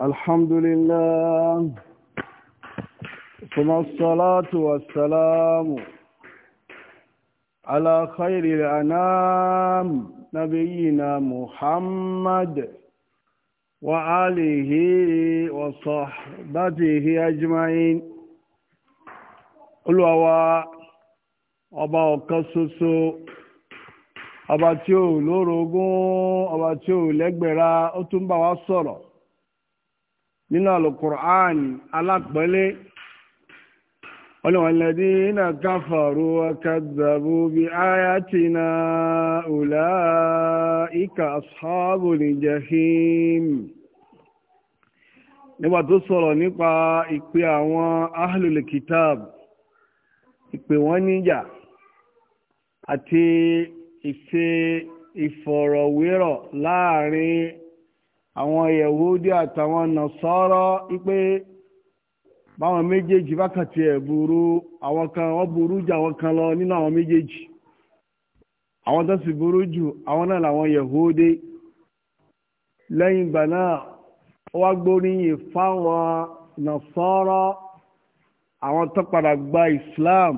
الحمد لله ثم الصلاة والسلام على خير الأنام نبينا محمد وعليه وصحبته أجمعين قلوا أبا ọ̀kan أبا ọba tí ò lórogún ọba tí ò nínú alukur'an alápẹ̀lẹ́ ọlọ́wọ̀lẹ́dí iná káfàrú akadàbú bí ayatina ọ̀lá ìkà asáàbò ní jahim nígbà tó sọ̀rọ̀ nípa ìpè àwọn ahlul kitab ìpè wọ́n níjà àti ìṣe ìfọ̀rọ̀wérọ̀ láàrin àwọn yahudi àtàwọn nasara wípé báwọn méjèèjì bákàtí ẹ̀ burú àwọn kan wọ́n burú jù àwọn kan lọ nínú àwọn méjèèjì àwọn tó sì burú ju àwọn náà làwọn yahudi lẹ́yìn ìgbà náà ó wá gbóríyìn fáwọn nasara àwọn tó padà gba islam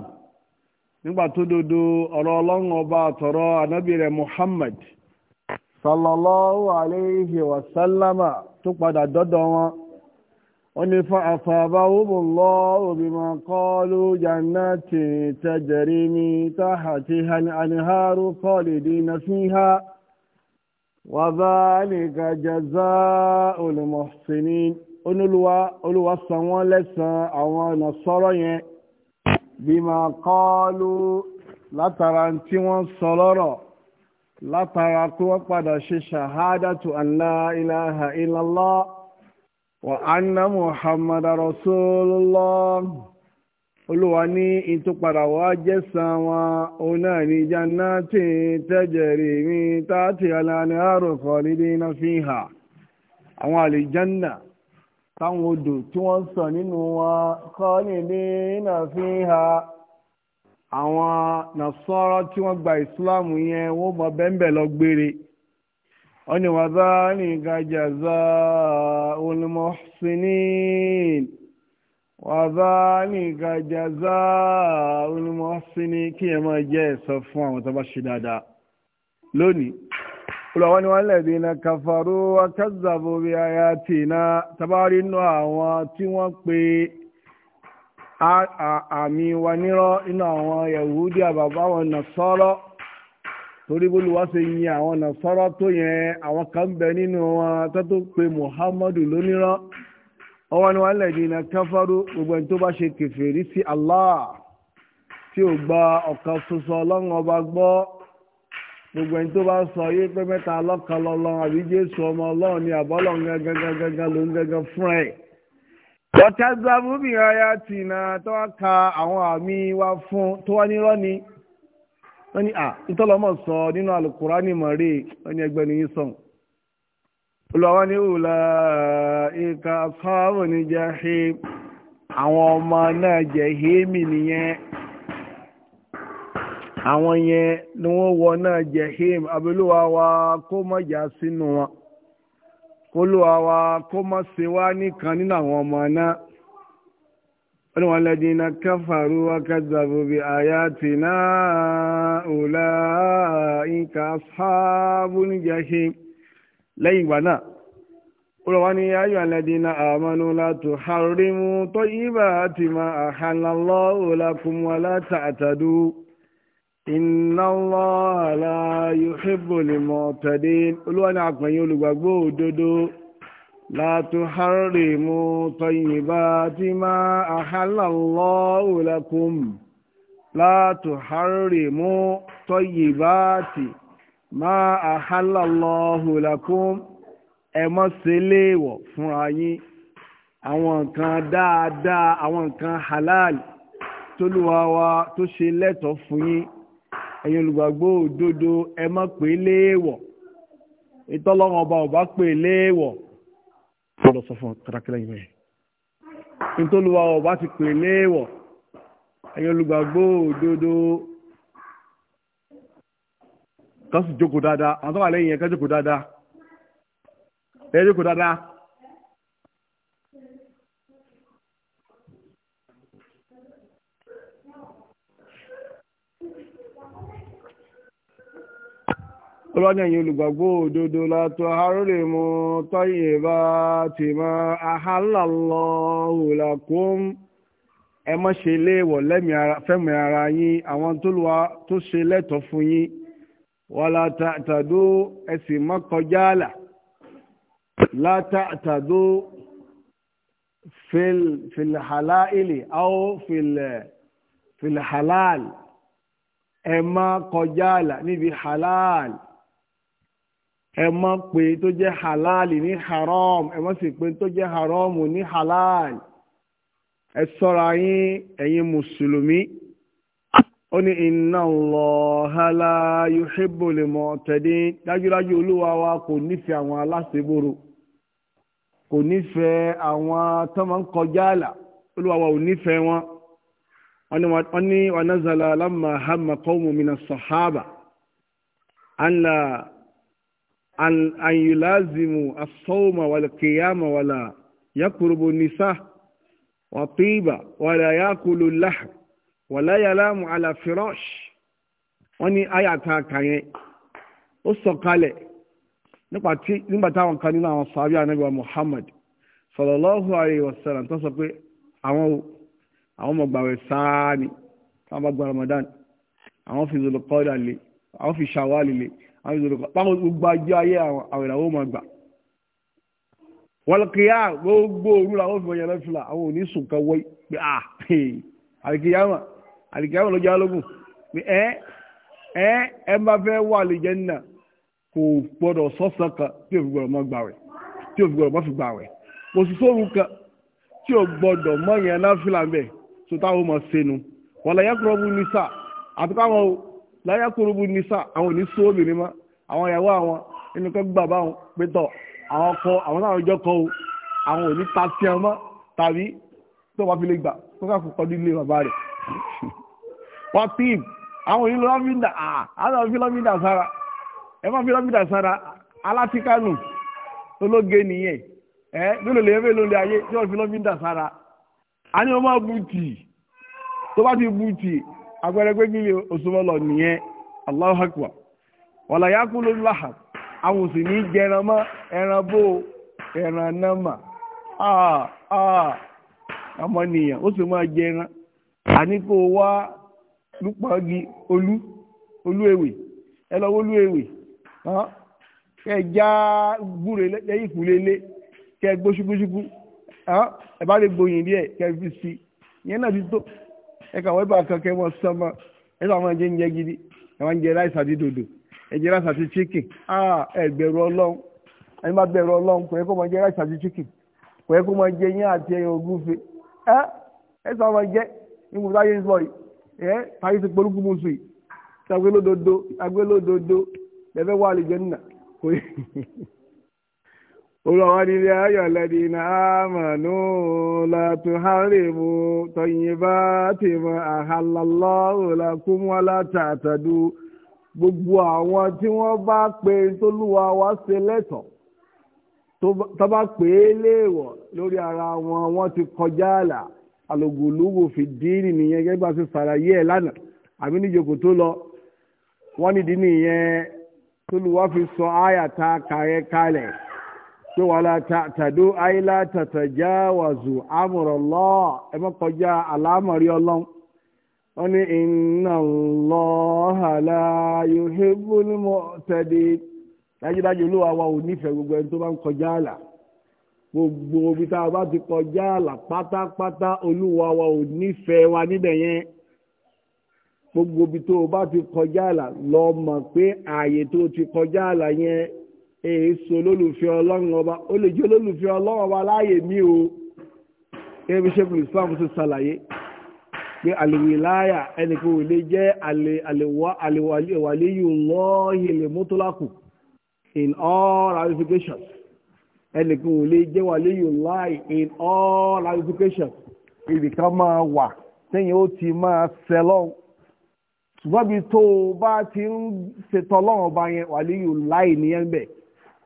nígbà tó dodo ọ̀rọ̀ ọlọ́run ọba àtọ̀rọ̀ anábì rẹ̀ muhammad sallallahu alayhi wa sallama tó padà dọ́dọ̀ wọn ó ní fa afabahumullahu bima qalu jannatin tajri min tahtiha al-anharu khalidina fiha wa dhalika jazaa'ul muhsinin onílùwà olùwà san wọ́n lẹ́san àwọn ọ̀nà sọ́rọ̀ yẹn bima qalu látara tí wọ́n sọ lọ́rọ̀ látara pé wọ́n padà ṣe ṣàhádàtù an la ilaha illallah wa anna muhammad rasulullah olúwa ní ìtúpadà wá jẹ́sàn wọn òun náà ní jannati tajri min tahtiha al-anharu khalidina fiha àwọn àlìjánà táwọn odò tí wọ́n sàn nínú wọn khalidina fiha àwọn nàṣọ́rọ́ tí wọ́n gba ìsìláàmù yẹn wọ́n mọ bẹ́ńbẹ̀ lọ gbére wọ́n ní wàzá ní gàjàzá olùmọ̀sínín wàzá ní gàjàzá olùmọ̀sínín kí ẹ máa jẹ́ ẹ̀sọ́ fún àwọn tó bá ṣe dáadáa lónìí olùwà ni wọ́n lẹ̀dí na kàfàrú akẹ́zàbò bí ayatina tabari nù àwọn tí wọ́n pe àmì wa nírọ́ inú àwọn yahudi àbàbá àwọn nàṣọ́rọ́ torí bó ló wá ṣe yin àwọn nàṣọ́rọ́ tó yẹn àwọn kan bẹ nínú wọn tó pe muhammadu lónírọ́ ọwọ́ ni wọ́n lè iná gbogbo ẹni tó bá ṣe allah tí ò gba ọba gbọ gbogbo ẹni tó bá sọ yé pé mẹ́ta lọ́kan lọ́lọ́ àbí jésù ọmọ ni ọ̀kẹ́zàbù bí aya tìǹà tó wá ka àwọn wa fún tó wá nírọ́ ni wọ́n à ìtọ́lọ́mọ̀ sọ nínú ni mọ̀rẹ́ wọ́n ní ẹgbẹ́ nìyí sọ̀n olùwàwọ́ ní òòlà ìka sáàbù ní jahim àwọn ọmọ náà jahimi nìyẹn àwọn yẹn ni wọ́n wọ náà jahim abẹ́lúwa wa kó mọ̀jà sínú olúwa wa kó má ṣe wá nìkan nínú àwọn ọmọ náà wọ́n ni wọ́n lẹ́dí iná káfàrú akẹ́gbàgbò bí náà òlà ìka sáàbù níjàṣe lẹ́yìn ìgbà náà olùwà ni ayọ̀ iná àmọ́nú látò harimu tó yíba àti ma àhàlálọ́ òlà kùmọ̀ látàtàdú inna Allaha la yuhibbul mu'tadin olúwa ní àpẹ̀yìn olùgbàgbọ́ òdodo la tuharrimu tayyibati ma ahalla Allahu lakum la tuharrimu tayyibati ma ahalla Allahu lakum ẹ má ṣe léèwọ̀ fúnra yín àwọn nǹkan dáadáa àwọn nǹkan halal tólúwa wa tó ṣe lẹ́tọ̀ọ́ fún yín ẹ̀yin olùgbàgbọ́ òdodo ẹ má pè léèwọ̀ ìtọ́lọ́wọ́n ọba ọba pè léèwọ̀ sọ fún kàràkìlẹ̀ ọba ti pè léèwọ̀ ẹ̀yin olùgbàgbọ́ òdodo kan dáadáa àwọn tó wà lẹ́yìn ọlọ́dún ẹ̀yin olùgbàgbọ́ òdodo látọ̀ àárọ̀lẹ̀ mọ́ tọ́yìn bá ti mọ́ ahálàlọ́hù lakum ẹ má ṣe léèwọ̀ fẹ́mi ara yín àwọn tó ṣe lẹ́tọ̀ọ́ fún yín wàlá tàdó ẹ sì má kọjá àlà látàdó filhalali aw filhalal ẹ má kọjá àlà níbi halal ẹ má pè tó jẹ́ halal ní haram ẹ má sì pè tó jẹ́ haram ní halal ẹ ṣọ́ra yín ẹ̀yin mùsùlùmí ó ní inna Allaha la yuhibbul mu'tadin dájúdájú olúwa wa kò nífẹ̀ẹ́ àwọn aláṣẹ́bòrò kò nífẹ̀ẹ́ àwọn tó máa ń kọjá àlà olúwa wa ò nífẹ̀ẹ́ wọn wọ́n ní wa nazala lamma hamma qawmun mina sahaba an la an yulazimu as-sawma wal qiyama wala yakurubu nisa wa tiba wala yakulu lah wala yalamu ala firash wọ́n ní aya ta kan yẹn ó sọ̀kalẹ̀ nípa tí nígbà táwọn kan nínú àwọn sàbí anábíwá muhammad sallallahu alayhi wa sallam tó sọ pé àwọn àwọn ọmọ gbàwẹ̀ sáà ni táwọn bá gba ramadan àwọn fi zulukọ́dà lè àwọn fi ṣàwálì lè àwọn ìṣòro kan táwọn gbogbo ajé ayé àwọn ìràwọ̀ máa gbà wọlọkìyà gbogbo òru làwọn fi wọnyẹn lọfìlà àwọn ò ní sùn kan wọ pé à àlìkìyàmà àlìkìyàmà lọ́jọ́ alógún pé ẹ ẹ ẹ bá fẹ́ wà lìjẹ nà kò gbọ́dọ̀ sọsàn kan tí ò fi gbọ́dọ̀ má gbà wẹ̀ tí ò fi gbọ́dọ̀ má fi gbà wẹ̀ kò sì sóru kan tí ò gbọ́dọ̀ mọ yẹn lọfìlà bẹ́ẹ̀ tó táwọn láyà kúrúbù nìsà àwọn òní sún obìnrin mọ́ àwọn ìyàwó àwọn nínú kan gbà báwọn pé tọ̀ àwọn kọ àwọn táwọn ìjọ kọ o àwọn òní ta sí ọ mọ́ tàbí tó wàá fi lè gbà tó kà fún kọjú ilé bàbá rẹ̀ wá tíìb àwọn òní lọ́mídà àwọn fílọ́mídà sára ẹ má fílọ́mídà sára alátíkánù ológe nìyẹn ẹ lólo lè fẹ́ lólo ayé tí wọ́n fílọ́mídà sára a ní wọ́n máa bu tì tó bá ti bu tì agbẹ́rẹ́ pé kí ni òṣùmọ́lọ̀ nìyẹn Allahu Akbar wàlà yakulu lahab àwọn òsì ní jẹran mọ́ ẹran bó ẹran náà mà ọmọnìyàn ó sì máa jẹran àní kó wá lúpọ̀ọ́gì olú olú ewé ẹ lọ wọ́lú ewé kẹjá gbúre lẹ́yìn kẹ ẹ si náà ti ẹ kà wọ́n bá kankan mọ́ sọ́mọ́ ẹ àwọn ẹ̀jẹ̀ ń jẹ gidi àwọn ń jẹ ráìsì àti dòdò ẹ̀jẹ̀ ráìsì àti chicken ah ẹ bẹ̀rù ọlọ́run ẹni bá bẹ̀rù ọlọ́run kò yẹ kó máa jẹ ráìsì àti chicken kò yẹ kó máa jẹ yín àti ẹyìn ògúnfe ẹ ẹ sọ àwọn ẹ̀jẹ̀ ní mo táyé ń sọ yìí ẹ táyé ti polúkú mu sùn yìí agbélódodo agbélódodo lẹ́fẹ̀ẹ́ wà àlejò nínà kò yẹ. olùwàwádìí ilé ayọ̀ lẹ́dí iná àmàlú látún hárìmù tọ̀yìnbá tìmọ̀ àhàlọ́lọ́ tààtàdù gbogbo àwọn tí wọ́n bá pe tólúwa wá se lẹ́tọ̀ọ́ tó bá lórí ara wọn wọ́n ti kọjá àlà nìyẹn bá ṣe ṣàlàyé lánàá níjòkó tó nìyẹn fi sọ kàrẹ́ pé wàlá tàdó àìlá tàtàjá wàzù amúrọ̀lọ́ ẹ má kọjá àlámọ̀rí ọlọ́run wọ́n ní iná lọ́hàlá yòóhébù ní mọ́ tẹ́lẹ̀ dájúdájú olúwa wa ò nífẹ̀ẹ́ gbogbo ẹni tó bá ń kọjá àlà gbogbo ibi tá a bá ti kọjá àlà pátápátá olúwa wa ò nífẹ̀ẹ́ wa níbẹ̀ yẹn gbogbo ibi tó o bá ti kọjá àlà lọ mọ̀ pé ààyè tó o ti kọjá àlà yẹn èso olólùfẹ́ ọlọ́run ó lè jẹ́ olólùfẹ́ ọlọ́run láàyè mí o gẹ́gẹ́ bí sẹ́kùn islam ti ṣàlàyé pé àlèwìláyà ẹnìkan ò lè jẹ́ àlèwàléyù lọ́ọ̀hìn mọ́tòlákù in all ramifications ẹnìkan ò lè jẹ́ wàléyù láì in all ramifications ibìkan máa wà sẹ́yìn ó ti máa sẹ́lọ́n ṣùgbọ́n bí tó o bá ti ń ṣetọ́ ọlọ́run ọba yẹn wàléyù láì nìyẹn bẹ́ẹ̀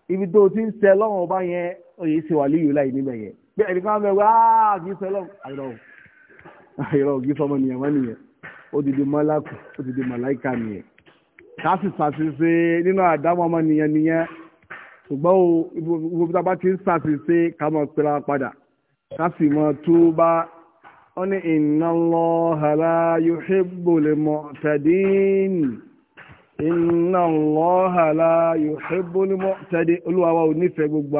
ibi tó o ti ń sẹ lọ́wọ́n ọba yẹn oyè ṣe wà líyìí láì níbẹ̀ yẹn bí ẹnì kan bẹ̀rù áá kì í sẹ lọ́wọ́ àìrọ̀ àìrọ̀ kì í sọmọ nìyẹn wọ́n nìyẹn ó di mọ́lákù ó dìde màláìka nìyẹn káàsì ṣàṣìṣe nínú àdámọ́ ọmọ nìyẹn nìyẹn ṣùgbọ́n o ibi tá a bá ti ń ṣàṣìṣe ká mọ̀ pẹ́ra padà ká sì tó bá wọ́n ní inna Allaha la yuhibbul mu'tadin inna allaha la yuhibbu al-mu'tadi olúwa ò nífẹ̀ẹ́ gbogbo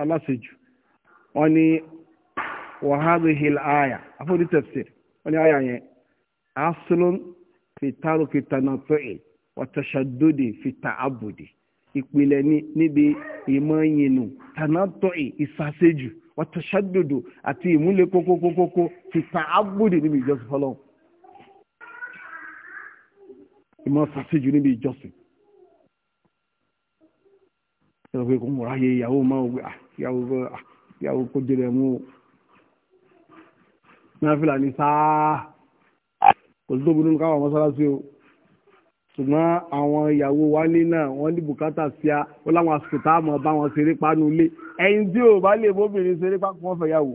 aláṣejù wọ́n ní wa hadhihi al-aya wọ́n ni àyà yẹn aslun fi taruki tanatu'i wa tashaddudi fi ìpìlẹ̀ ní níbi ìmọ̀ yìnyínú tanatu'i ìsàṣejù wa àti ìmúlẹ̀ kókókókókó níbi ìjọsìn fọlọ́wọ́ You ìmọ̀ sàṣejù níbi ìjọsìn ẹ̀rọ pé kò ń ráyè ìyàwó máa ah, wọ ìyàwó kó jẹ́ rẹ̀ mú o náfìlà ní sáà kò tó burú ní káwọn mọ́sálásí o ṣùgbọ́n àwọn ìyàwó wa ní náà wọ́n ní bùkátà sí a ó láwọn àsìkò tá a mọ̀ bá wọn ṣeré pa nulẹ̀ ẹ̀yin tí ò bá lè bóbìnrin ṣeré pa kó wọ́n fẹ́ yàwó.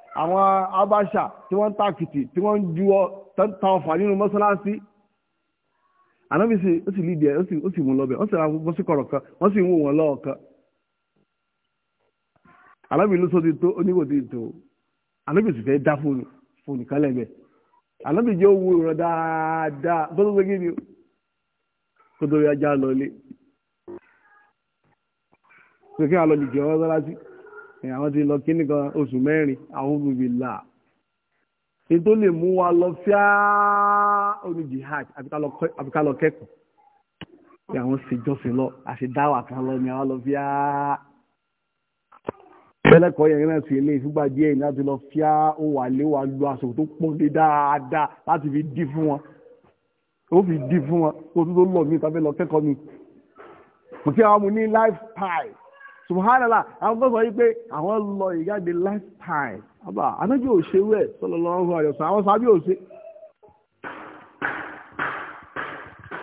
àwọn abáṣà tí wọ́n ń tàkìtì tí wọ́n ń juwọ́ ọ nínú mọ́ṣáláṣí ànábì ó sì lídìí ó sì mú lọ́bẹ̀ ó sì ra kọ̀rọ̀ kan wọ́n sì ń wò wọ́n ló sọ ti tó oníwò ti tó fẹ́ dá fóònù fóònù kan lẹ́gbẹ̀ẹ́ jẹ́ owó o rí àwọn ti lọ kí nìkan oṣù mẹ́rin àwọn olùbìlà ní tó lè mú wa lọ fíá oní jihad àbíkálọ kẹ́kọ̀ọ́ pé àwọn ṣèjọsìn lọ àṣedáwà kan lọ ni àwọn lọ fíá pẹlẹkọ yẹn náà sì lè fúgbà díẹ̀ ní láti lọ fíá ó wà lé wa lu aṣọ tó pọ́n lé dáadáa láti fi dí fún wọn ó fi dí fún wọn kó tó lọ mí tàbí lọ kẹ́kọ̀ọ́ mi mo kí àwọn mo ní lifestyle subhanallah àwọn kan sọ wípé àwọn lọ ìjáde last time àbá anájú òṣèwé sallallahu alaihi wasallam àwọn sábẹ́ òṣè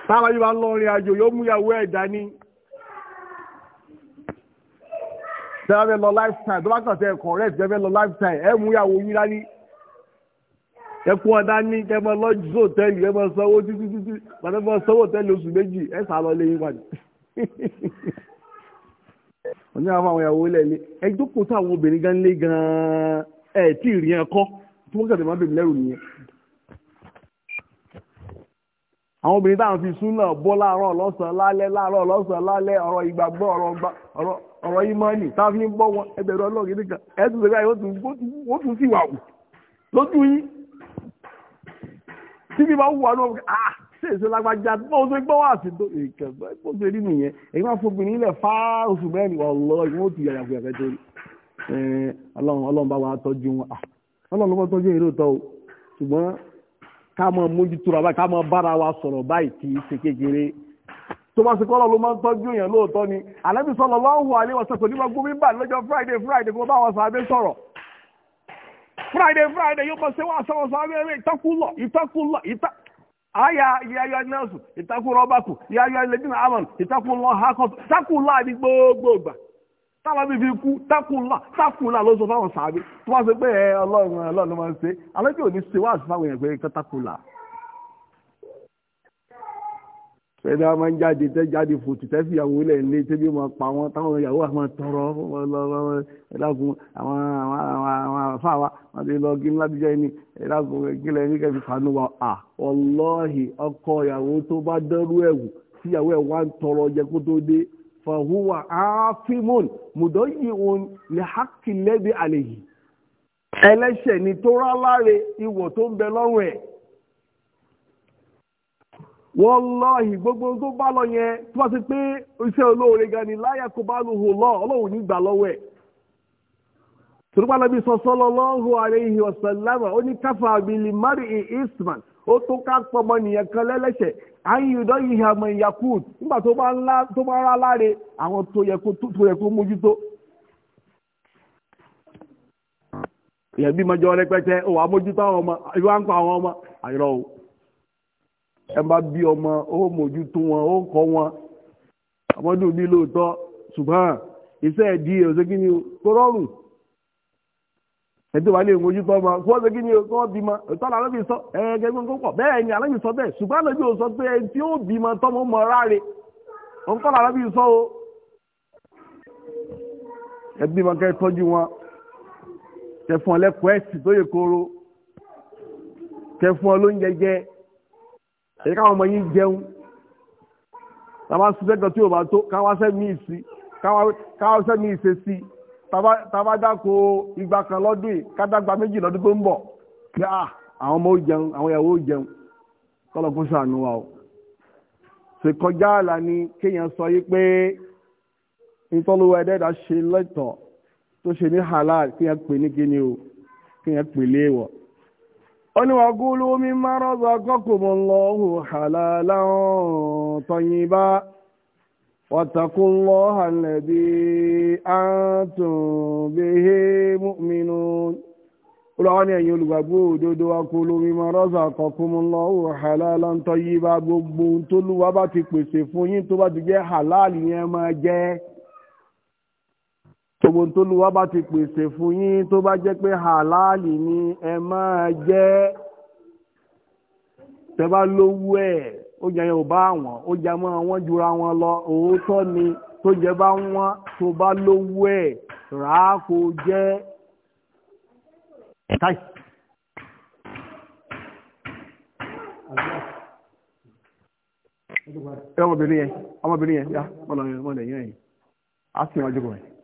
táwọn yóò bá lọ rìn àjò yóò mú ìyàwó ẹ̀ dání tẹ́lẹ̀ lọ lifetime. tó bá kàn tẹ́ ẹ̀kọ́ rẹ̀ tẹ́lẹ̀ lọ lifestyle ẹ̀ mú ìyàwó yín dání ẹkún ọ̀dá ní kẹmọ lọ́jọ́ hòtẹ́ẹ̀lì ẹ máa sanwó títí títí pàtẹ́fọ́ sanwó hòtẹ́ẹ̀lì oṣù méjì ẹ sá lọ lé yín padà. wọ́n ní àwọn ìyàwó ilẹ̀ ilé ẹ jókòó tó àwọn obìnrin gan lé gan-an ẹ̀ tí ì rí tí wọ́n kẹ̀tẹ̀ máa bèbí lẹ́rù nìyẹn. àwọn obìnrin táwọn fi sún náà bọ́ láàárọ̀ lọ́sàn-án lálẹ́ láàárọ̀ lọ́sàn-án lálẹ́ ọ̀rọ̀ ìgbàgbọ́ ọ̀rọ̀ ìmọ̀ọ́nì táwọn fi ń bọ́ wọn ẹgbẹ̀rún ọlọ́ọ̀gì nìkan ẹ̀ tún sì wà wù lójú yín tí mi máa wù wá ní ọ̀gá ah, ṣé èso lágbájá bó ṣe gbọ́ wà sí tó ìkẹ̀kọ́ bó ṣe rí nìyẹn èyí máa fún obìnrin lẹ̀ fá oṣù mẹ́rin ọ̀lọ́ ìwọ́n ò ti yàyà fún ẹ̀fẹ́ torí ọlọ́run ọlọ́run bá wa tọ́jú wọn ah, ọlọ́run ló bá tọ́jú èrè òótọ́ o ṣùgbọ́n ká mọ mójútó ra báyìí ká mọ bára wa sọ̀rọ̀ báyìí kì í ṣe kékeré tó bá ṣe kọ́ lọ́ọ́ ló máa ń tọ́jú èèyàn lóòótọ́ ni àlẹ́bí sọ̀rọ̀ lọ́hùn àlẹ́ wọ̀ṣẹ̀ kò gómìn bá lọ́jọ́ friday friday kó bá wọn sàbẹ̀ sọ̀rọ̀ friday friday yóò máa ṣe wá sọ̀rọ̀ sàbẹ̀ rẹ̀ ìtọ́kùlọ̀ ìtọ́kùlọ̀ ìtọ́ aya ya ayọ nọọsù ìtakùn rọbàkù ya ayọ ẹlẹdìnà amọn ìtakùn lo hakọtù takùn lọ àbí gbogbo ìgbà táwọn bí fi kú takùn lọ takùn lọ lóṣù fáwọn sàbí tó wá sọ fẹ́ẹ́ dáa máa ń jáde tẹ́ jáde fòtù tẹ́ fi ìyàwó lẹ̀ lé tẹ́bí máa pa wọn táwọn ìyàwó àwọn tọrọ ẹ̀dàgùn àwọn àwọn àwọn àfa wa wọn ti lọ gí ńlábíjẹ́ ni ẹ̀dàgùn ìgbìlẹ̀ ní kẹfì fanu wa à ọlọ́ọ̀hì ọkọ ìyàwó tó bá dẹ́rú ẹ̀wù tí ìyàwó ẹ̀ wá ń tọrọ jẹ kó tó dé fàhùwà áfímọ́n mùdọ́ yìí òun lè hákìlẹ́bí àlè yìí ẹlẹ́ṣẹ̀ ni tó rá wallahi gbogbo tó bá lọ yẹn tó bá ti pé iṣẹ́ olóore gan ni la yaqbaluhu Allah ọlọ́run ní gbà lọ́wọ́ ẹ̀ tòlúpàá nàbí sallallahu alayhi wa sallam ó ní kafa bil mar'i eastman ó tó ká pọmọ nìyẹn kan lẹ́lẹ́ṣẹ̀ àyìndọ́ yìí àmọ́ yakut nígbà tó bá ńlá tó bá láre àwọn tó yẹ kó mójútó. bí rẹpẹtẹ ẹ bá bí ọmọ ó mójútó wọn ó kọ́ wọn àmọ́dún bí lóòótọ́ ṣùgbọ́n iṣẹ́ ẹ̀dí ọ̀sẹ̀ kí ni tó rọrùn ẹ̀dí wà lè mójútó ọmọ fún ọ̀sẹ̀ kí ni tó bímọ ìtọ́ làwọn fi sọ ẹ̀ẹ́dẹ́ gbọ́n pọ̀ bẹ́ẹ̀ ni aláǹgì sọ bẹ́ẹ̀ ṣùgbọ́n àlejò sọ pé ẹni tí ó bímọ tọmọ mọ ráre òun kọ́ làwọn fi sọ o ẹbí wọn kẹ́ tọ́jú wọn tẹ fún ọ lẹ́kọ̀ọ́ ẹ̀sìn tó yẹ kóró tẹ fún ọ lóúnjẹ jẹ èyí káwọn ọmọ yín jẹun tàbá sísẹ́gbẹ̀ tí ò bá tó káwọn sẹ́mi ìsí káwọn sẹ́mi ìṣe sí tàbá dáko igba kan lọ́dún yìí kádàgbà méjì lọ́dún tó ń bọ̀ kí àwọn ọmọ ó jẹun àwọn ìyàwó ó jẹun kọ́lọ̀ kó sànù wa o ṣe kọjá àlà ni kéèyàn sọ yí pé ìtọ́lówó ẹ̀dẹ́dà ṣe lẹ́tọ̀ọ́ tó ṣe ní halal kéèyàn pè ní kíni o kéèyàn pè léèwọ̀ ó ní wa kulu mimma razaqakumullahu halalan tayyiba wattaqullaha alladhi antum bihi mu'minun. olùwà ni ẹ̀yin olùgbàgbọ́ òdodo wa kulu mimma razaqakumullahu halalan tayyiba gbogbo tó lùwà bá ti pèsè fún yín tó bá ti jẹ́ halal yẹn máa jẹ́. gbogbo tó lu bá ti pèsè fún yín tó bá jẹ́ pé ni ẹ máa jẹ tẹ bá lówó ẹ̀ ó jẹ ò bá wọn ó jẹ mọ́ ni tó jẹ bá wọn tó bá lówó ẹ̀ rà kó ọmọbìnrin yẹn ọmọbìnrin yẹn yá yẹn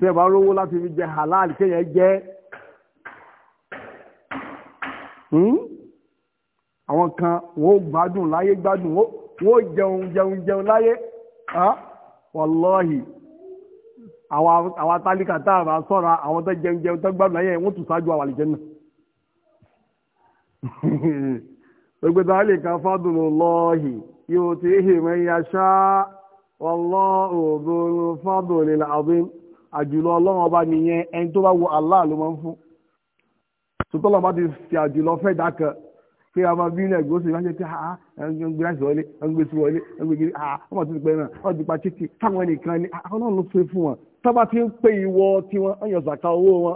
tí ẹ bá rówó láti fi jẹ halal kéèyàn jẹ hmm? àwọn kan wọn ò gbádùn láyé gbádùn wọn ò jẹun jẹun jẹun láyé wàlọ́hì àwọn atálíkà tá a bá sọ́ra àwọn tó jẹun jẹun tó gbádùn láyé wọn tún ṣáájú àwọn àlìjẹ náà gbogbo kan fádùn yóò wallahu dhul fadlil azim àjùlọ ọlọ́run ọba nìyẹn ẹni tó bá wo Allah ma fún sọtọ́ ti fi àjùlọ fẹ́ a máa bí ilé ẹ̀gbọ́n sì ránṣẹ́ pé a ń wọlé ń ha wọlé ń ha wọ́n ti pẹ́ náà wọ́n ti pa ha! táwọn ẹnìkan ni àwọn ló fẹ́ fún wọn tábà ti ń pè ìwọ owó wọn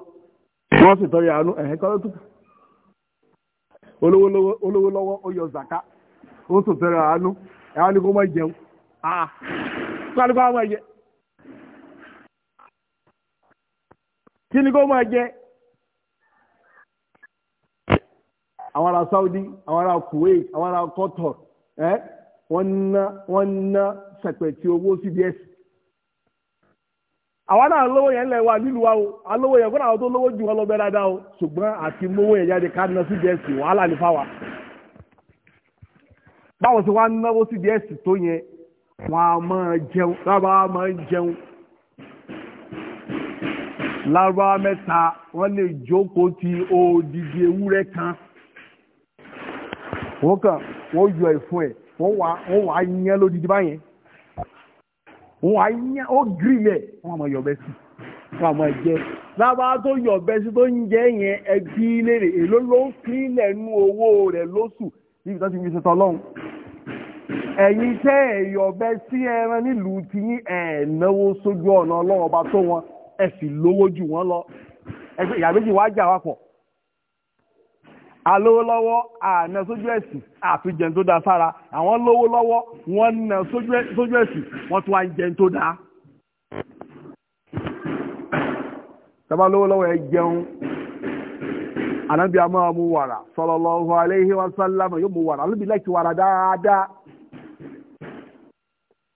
wọ́n sì olówó lọ́wọ́ ó yọ ṣàkà ó sì tọrọ àánú ẹ̀hán kó ah. kálukọ́ àwọn ẹ̀jẹ̀ kí ni kó máa jẹ àwọn ará Saudi àwọn ará Kuwait àwọn ará Qatar ẹ wọ́n ná wọ́n ná CBS àwa náà lówó yẹn lẹ wa nílùú wa o alówó yẹn fúnra àwọn tó lówó jù wọn lọ dáadáa o ṣùgbọ́n àti mówó yẹn jáde ká ná CBS wàhálà ní fáwa báwo ṣe wá náwó CBS tó yẹn wọn a máa jẹun lábàá máa jẹun lárúbáwá mẹ́ta wọ́n lè jókòó ti odidi ewúrẹ́ kan wọ́n kàn wọ́n yọ ẹ̀fun ẹ̀ wọ́n wà wọ́n wà á yẹn lódidi báyẹn wọ́n wà á yẹn ó gírílẹ̀ wọ́n máa yọ bẹ́ẹ̀ sí wọ́n á máa jẹ lábàá tó yọ bẹ́ẹ̀ sí tó ń jẹ yẹn ẹbí léèrè èló ló ń pín lẹ́nu owó rẹ̀ lóṣù níbi tó ti fi ṣe tọ́lọ́hún. ẹ̀yin tẹ́ ẹ̀yọ̀bẹ sí ẹran nílùú ti yín ẹ̀ sójú ọ̀nà ọlọ́wọ́ba tó wọn ẹ̀ sì lówó jù lọ ẹgbẹ́ ìyá méjì wá jà wá pọ̀ alówó lọ́wọ́ àna da sára àwọn lówó lọ́wọ́ wọn na sójú ẹ̀sìn wọn tún wá jẹun da. sábà lówó lọ́wọ́ ẹ jẹun a máa mu wàrà yóò mu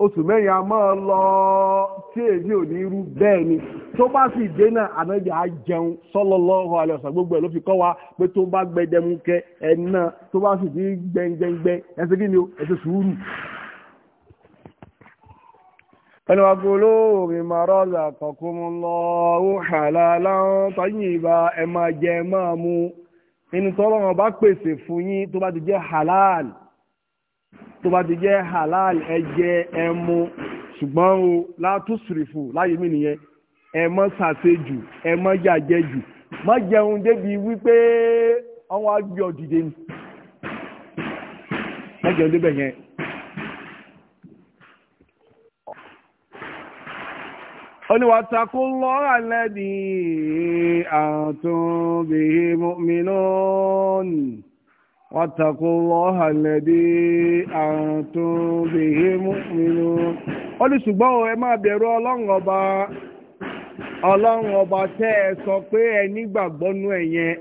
oṣù mẹ́rin a máa lọ tí èdè ò ní rú bẹ́ẹ̀ ni tó bá sì dé náà ànábì á jẹun sallallahu alaihi wasallam gbogbo ẹ̀ ló fi kọ́ wa pé tó bá gbẹdẹmukẹ ẹ̀nà tó bá sì dé gbẹngbẹngbẹ ẹsẹ̀ kí ni o ẹsẹ̀ sùúrù. ẹni wàá gbolo orin màrọ́ razaqakumullahu halalan tayyiba ẹ máa jẹ máa mu ẹni tọ́lọ́run bá pèsè fún yín tó bá ti jẹ́ halal tó bá ti jẹ́ halal ẹjẹ ẹmu ṣùgbọ́n o látúsùrìfù láyé mi nìyẹn ẹ má ṣàṣejù ẹ má jàjẹ jù má jẹun débi wípé àwọn agbè ọ̀dìdè ni má jẹun débẹ̀ yẹn. oníwàtàkùn lọ́rà lẹ́dí àtúnbí mọ́mìnà nì. واتقوا الله الذي أنتم به مؤمنون ó ní ṣùgbọ́n ẹ máa bẹ̀rù ọlọ́run ọba ọlọ́run ọba tẹ́ sọ pé ẹ nígbàgbọ́ nú ẹ yẹn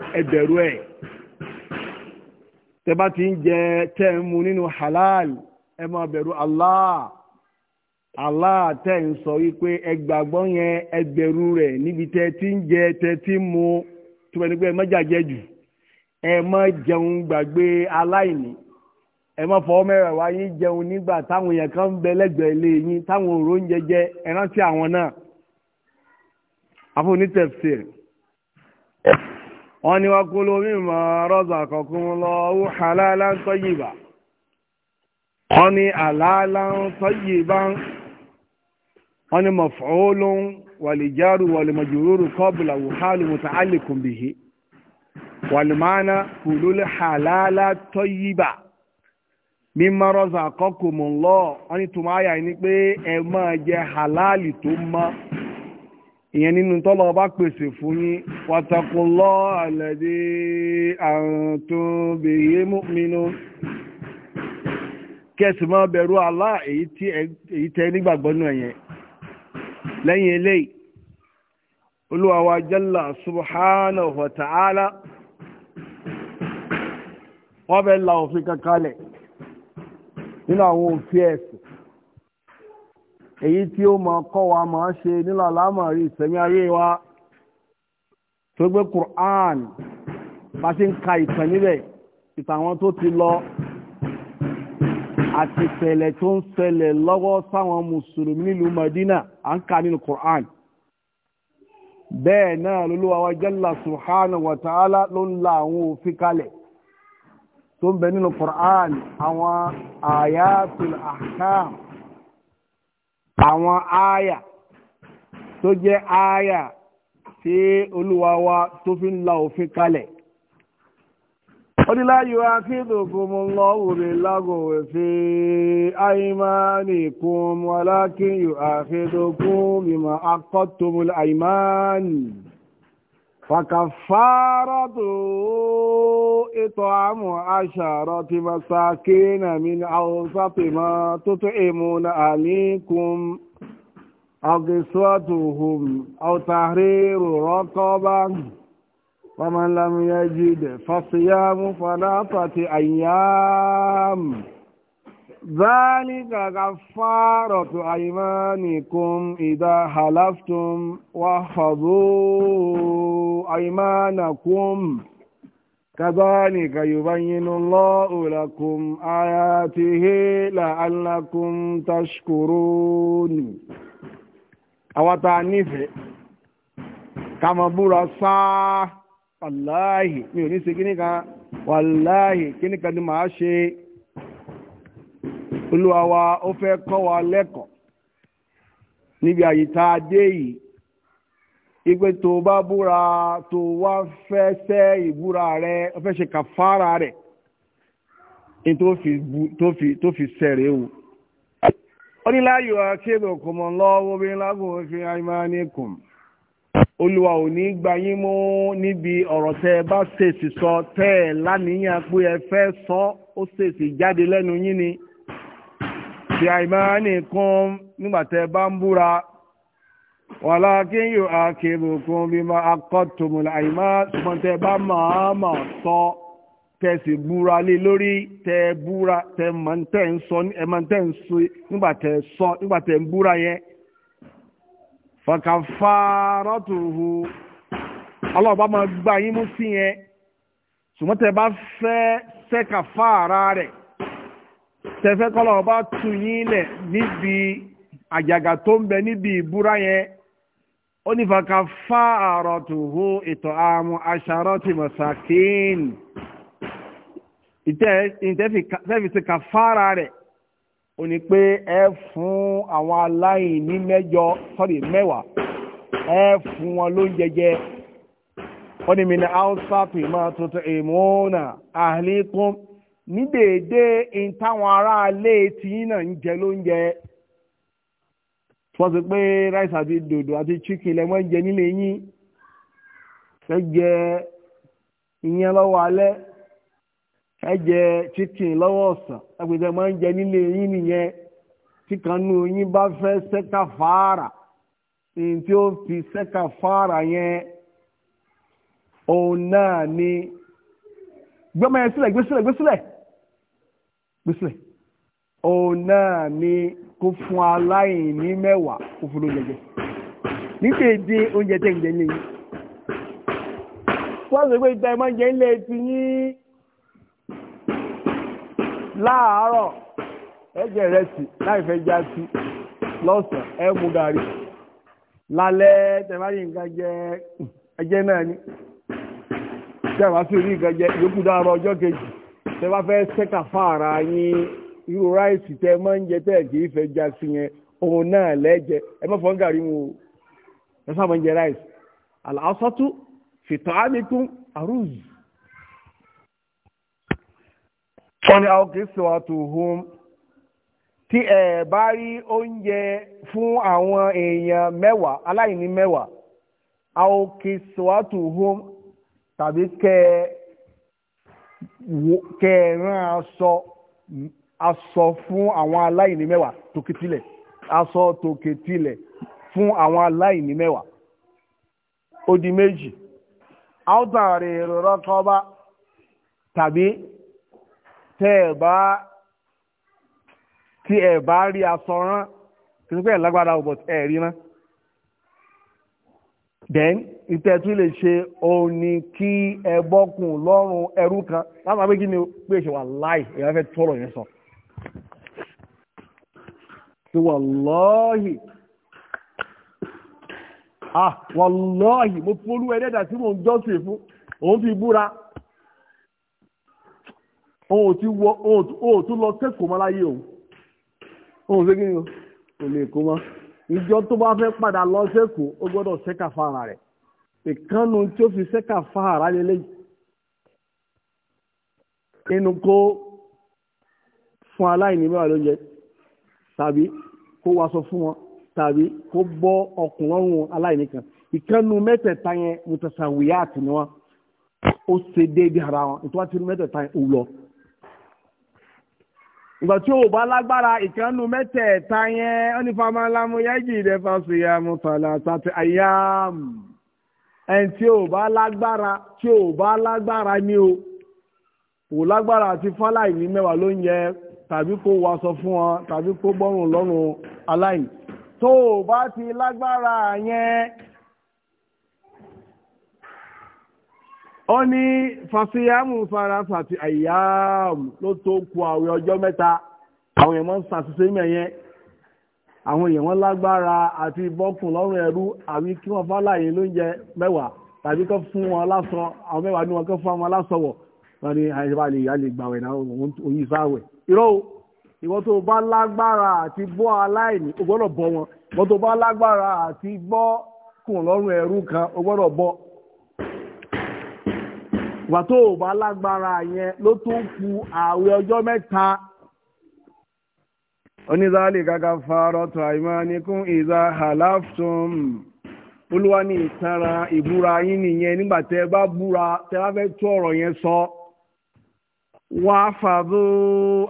halal Allah tẹ́ ń sọ wípé yẹn rẹ̀ ti ń jẹ ti ń mu tí wọ́n ní ẹ má jẹun gbàgbé aláìní ẹ má fọwọ́ mẹ́rẹ̀ jẹun nígbà táwọn kan bẹ lẹ́gbẹ̀ẹ́ ilé yín táwọn òró ń jẹjẹ ẹ rántí àwọn náà àfọwọ́ ní tẹ̀síìr ni ní wọ́n kúló mímọ́ rọ́ọ̀sà kọ̀ọ̀kan lọ ń yìí bá wàlùmánà kùlúlẹ̀ halálà tọ́yíbà mímọ́ rọ́zà kọ́kùnmù lọ wọ́n ní tùmọ̀ àyà ni pé ẹ máa jẹ halálì tó mọ́ ìyẹn nínú tọ́lọ̀ bá pèsè fún yín wàtàkùnlọ́ àlẹ́dí àrùn tó bèèrè kẹsì wọ́n fẹ́ la òfin kankan lẹ̀ nínú àwọn òfin ẹ̀sìn èyí tí ó mọ kọ́ wa máa ṣe nínú àlámọ̀rí ìsẹ̀mí ayé wa tó gbé Qur'an bá ṣe ń ka ìtàn níbẹ̀ ìtàn àwọn tó ti lọ àti ìṣẹ̀lẹ̀ tó ń ṣẹlẹ̀ lọ́wọ́ sáwọn mùsùlùmí nílùú Madina à ń ka nínú Qur'an bẹ́ẹ̀ náà lolúwa wa jalla subhanahu wa ta'ala ló ń la àwọn òfin kalẹ̀ tó ń bẹ nínú Qur'an àwọn ayatul ahkam àwọn aya tó jẹ́ aya tí olúwa wa tó fi ń la òfin kalẹ̀ ọdílá yóò akídòkùnmù lọ́wùrẹ̀ lágòwẹ̀ fi àìmánìkùn wàlákí yóò akídòkùn mímọ̀ akọ́tùmù àìmánì fàkàfàárọ̀tò طعام عشرة مساكين من أوسط ما تطعمون عليكم أو قسوتهم أو تحرير رقبة ومن لم يجد فصيام ثلاثة أيام ذلك كفارة أيمانكم إذا حلفتم واحفظوا أيمانكم كذلك يبين الله لكم آياته لعلكم تشكرون àwa tá a nífẹ̀ẹ́ ká máa búra sáà wàláhì mi ò ní ṣe kíníkà wàláhì kíníkà ni màá ṣe olúwa wa ó fẹ́ kọ́ wa lẹ́kọ̀ọ́ níbi àyíká dé yìí ipe tó bá búra tó wá fẹ́ sẹ́ ìbúra rẹ̀ fẹ́ ṣe kàfàrà rẹ̀ ní tó fi sẹ̀rẹ̀ o. ó ní láyò akéèdò kò mọ̀ lọ́wọ́ bí lágùn fi àìmánìkùn olùwà ò ní gbà yín mú níbi ọ̀rọ̀ tẹ́ ẹ bá ṣèṣì sọ tẹ́ ẹ lánìyàn pé ẹ fẹ́ sọ ó ṣèṣì jáde lẹ́nu yín ni fi àìmánìkùn nígbà tẹ́ ẹ bá ń búra wàlákín yóò àkèròkun bí ma akọ́tùmùlà àìmá ṣùgbọ́n tẹ bá máa mà sọ tẹ sì búra lé lórí tẹ búra tẹ mọ̀ ń tẹ̀ ń sọ ẹ mọ̀ ń tẹ̀ ń sọ nígbà tẹ sọ nígbà tẹ ń búra yẹn. fàkàfàrọ́tùhù Allah gba yín mú sí yẹn ṣùgbọ́n tẹ bá ó ní fàkà fáàrọ̀ tó hó ìtọ̀ àmú aṣàrọ̀ tí mọ̀ sàkín ìtẹ́fìsì kà fára rẹ̀ ó ní pé ẹ fún àwọn aláìní mẹ́jọ sọ́rí mẹ́wàá ẹ fún wọn ló ń jẹjẹ ó ní mìíràn áùsàpì máa tuntun ìmúnà àhìlíkún ní déédéé ìtàwọn aráalé tí náà ń jẹ jẹ wọ́n sọ pé rice àti dòdò àti chicken lẹ́mọ́ ń jẹ nílé yín ẹ jẹ ìyẹn lọ́wọ́ alẹ́ ẹ jẹ chicken lọ́wọ́ ọ̀sán ẹ pèsè mọ́ ń jẹ nílé yín nìyẹn tí kanú yín bá fẹ́ sẹ́ka fàárà ní tí ó fi sẹ́ka fàárà yẹn òun náà ni gbọ́mọ yẹn sílẹ̀ gbé sílẹ̀ gbé sílẹ̀ gbé sílẹ̀ òun náà ni. kó fún aláìní mẹ́wàá kó fún lóúnjẹ jẹ nígbà èdè oúnjẹ tẹ̀ ń jẹ ní yìí wọ́n sọ pé ìta ẹ̀ máa ń jẹ ilé ti yín láàárọ̀ ẹ̀jẹ̀ rẹ̀ sí láì fẹ́ já sí lọ́sàn-án ẹ̀ mú ọjọ́ kejì tẹ̀wá fẹ́ sẹ́kà fáàrà yín. irú ráìsì tẹ máa ń jẹ tẹ kì í fẹ́ já sí yẹn òun náà lẹ́jẹ ẹ má fọ́n gàrí mu ẹ sábà ń jẹ ráìsì àlàásọ́tú fìtọ́ àmìkún àrùz. wọ́n ní àwọn kìí sọ àtúhùn tí ẹ bá rí oúnjẹ fún àwọn èèyàn mẹ́wàá aláìní mẹ́wàá àwọn kìí sọ àtúhùn tàbí kẹ́ ẹ rán aṣọ aṣọ fún àwọn aláìní mẹ́wàá tòkìtìlẹ̀ aṣọ tòkìtìlẹ̀ fún àwọn aláìní mẹ́wàá Odi di méjì àwùtàrí rọ́kọ́bá tàbí tẹ́ ẹ̀ bá tí ẹ̀ bá rí aṣọ rán kìí pẹ́ lágbára ọ̀bọ̀ ẹ̀ rí rán then ìtẹ́tú lè ṣe òun ni kí ẹ bọ́kùn lọ́rùn ẹrú kan láti máa ni pé ṣe wà láì èèyàn fẹ́ tọ́rọ̀ yẹn sọ. kí ah wàlọ́ọ̀hì mo polu ẹlẹ́dàá tí mò ń jọ́sìn fún òun fi búra òun tún lọ kẹ́kọ̀ọ́ mọ́ láyé òun òun o lè kó mọ́ ìjọ tó bá fẹ́ padà lọ sẹ́kọ̀ọ́ ó gbọ́dọ̀ ṣẹ́kà fara rẹ̀ ìkànnù tí ó fi ṣẹ́kà fara inú kó fún aláìní bá tàbí kó wàṣọ fún wọn tàbí kó bọ́ ọkùn lọ́rùn aláìní kan ìkànnù mẹ́tẹ̀ẹ̀ta yẹn mutasawiyat ni wọn ó ṣe déédéé ara wọn ìtura tìrú mẹ́tẹ̀ẹ̀ta yẹn ò lọ. ìgbà tí ò bá lágbára ìkànnù mẹ́tẹ̀ẹ̀ta yẹn ó ní fama lamu yẹ́jì ìdẹ́fà ṣìyà mọ́tàlá àti àyàm ẹni tí ò bá lágbára tí ò bá lágbára ni o kò lágbára àti fáláì ní mẹ́wàá ló ń yẹ tàbí kó waṣọ fún wọn tàbí kó bọ́rùn lọ́rùn aláìní tó o bá ti lágbára yẹn ó ní fàṣíyàmù farasa àti àyàmù ló tó kù àwẹ̀ ọjọ́ mẹ́ta àwọn èèyàn ń ṣàṣìṣe mẹ́yẹn àwọn èèyàn wọn lágbára àti bọ́kùn lọ́rùn ẹrú àbí kí wọ́n fáláyé lóúnjẹ mẹ́wàá tàbí kọ́ fún wọn lásán àwọn mẹ́wàá ní wọn kọ́ fún wọn lásán wọ̀ wọn ni àyẹ̀bá lè gbàwẹ̀ náà òun sáwẹ̀ irọ́ o ìwọ tó bá lágbára àti bọ́ aláìní o gbọ́dọ̀ bọ́ wọn ìwọ tó bá lágbára àti bọ́ kùn lọ́rùn ẹrú kan o gbọ́dọ̀ bọ́ ìwà tó o bá lágbára yẹn ló tún ku ààwẹ̀ ọjọ́ mẹ́ta onídàálì gàgà fàárọ̀tò àìmánikún ìzà halaftum olúwa ní ìtara ìbúra yín nìyẹn nígbà tẹ́ bá búra tẹ́ bá fẹ́ tó ọ̀rọ̀ yẹn sọ. So. wàáfàdó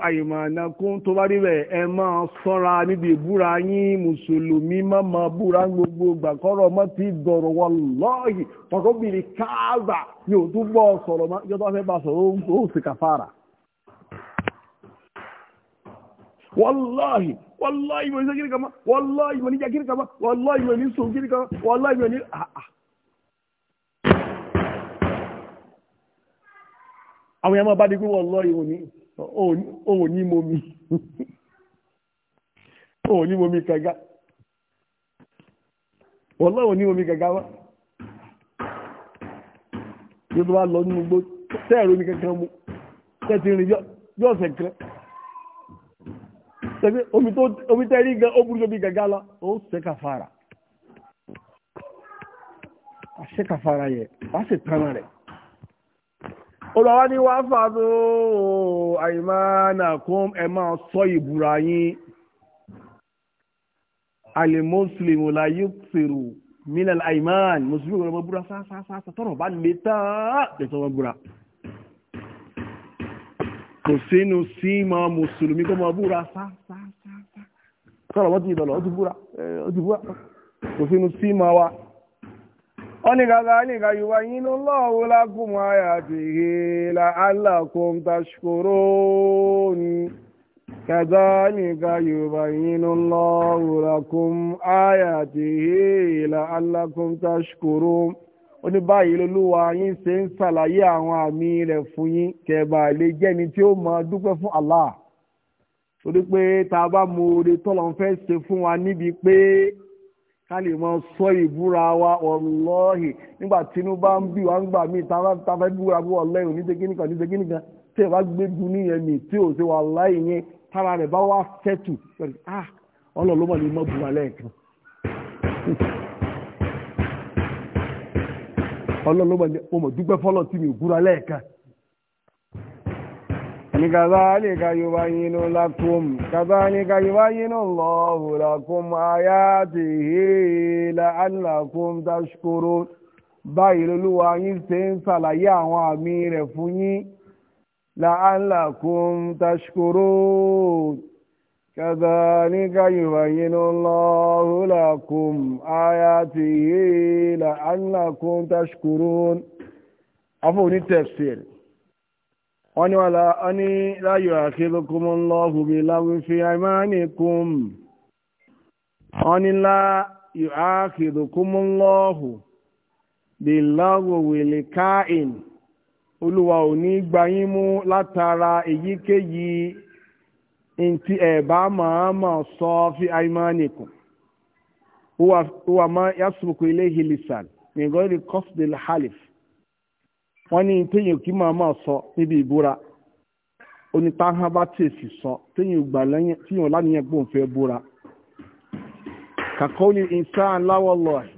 àyèmọ̀nàkún tó bá rí ẹ máa sọ́ra níbi ìbúra yín mùsùlùmí máma búra gbogbo gbàkọ́rọ̀ mọ́ ti dọ̀rọ̀ wọn lọ́ọ̀yì tọkọ́bìnrin káàbà ni ò tún bọ́ sọ̀rọ̀ mọ́ yọ́tọ́ fẹ́ bá sọ̀rọ̀ ó sì kàfàrà. mo ní sọ kiri kama mo ní jẹ́ kiri kama mo ní kiri kama àwọn èèyàn máa bá di pé wọ́n lọ ìwò ní òun ní momi òun ní momi kẹga wọ́n lọ́wọ́ ní momi kẹga wá yóò tó wá lọ nínú gbó tẹ́ẹ̀rọ omi kankan mu tẹ́ẹ̀tì rìn yọ ọ̀sẹ̀ kan tẹ́gbẹ́ omi tẹ́ẹ̀rí gan ó burú tóbi gàgá lọ ó ṣẹ́ka fara àṣẹ́ka fara yẹ wàá sì tán rẹ̀ olùwà ni wàá fàdó àìmánàkùn ẹ máa sọ ìbúra yín alimuslimu la yuksiru minal àìmán mùsùlùmí ọmọ búra sáásáásá tọrọ bá lè tán lẹsọ ọmọ búra kò sínú sí ma mùsùlùmí kọ́ máa búra sáásáásá tọrọ wọ́n ti yìnbọn lọ ó ti búra ó ti búra kò sínú sí ma wa. wani kazalika yubayyinu Allahu lakum ayatihi la'allakum tashkurun kazalika yubayyinu Allahu lakum ayatihi la'allakum tashkurun ala báyìí lolúwa yín ṣe ń ṣàlàyé àwọn àmì rẹ̀ fún yín kẹba lè jẹ́ni tí ó máa dúpẹ́ fún Allah torí pé bá tọ́lọ́ fẹ́ ṣe fún wa níbi pé ká lè mọ sọ ìbúra wa ọlọ́ọ̀hì nígbà tínú bá ń bí wa ń gbà míì tá fẹ́ búra bú ọlẹ́yìn ní segínìkan ní segínìkan tí ẹ bá gbé dun mi tí ò sí wa láì yẹn tára rẹ̀ bá wá fẹ́tù ah, ọlọ́ọ̀lọ́ mọ̀ ní mọ́ búra lẹ́ẹ̀kan ọlọ́ọ̀lọ́ mọ̀ mo mọ̀ dúpẹ́ fọ́lọ́ tí mi ò lẹ́ẹ̀kan. كذلك يبين لكم كذلك يبين الله لكم آياته لعلكم تشكرون báyìí lolúwa yín ṣe ń ṣàlàyé àwọn àmì rẹ̀ fún yín la'allakum tashkurun kadhalika yubayyinu Allahu lakum ayatihi la'allakum tashkurun afọ́ onítẹ̀sílẹ̀ wọ́n ní wọ́n ní láyò àkílùkùnmù lọ́hùbí láwífí àìmáníkùn wọ́n ní láyò àkílùkùnmù lọ́hùbí láwífí lìkáìn olúwa ò ní gbayín mú látara èyíkéyìí ntí ẹ̀bá màámà sọ fi àìmáníkùn huwa ma yasbuku ilayhi lisan min ghairi qasdil halif wọ́n ní téèyàn kí máa máa sọ níbi ìbúra onítàhán bá tèsì sọ téèyàn gbà lẹ́yìn téèyàn lánìyàn gbóhùn fẹ́ búra. kàkọ́lì ìsàn láwọ̀ lọ́ọ̀hì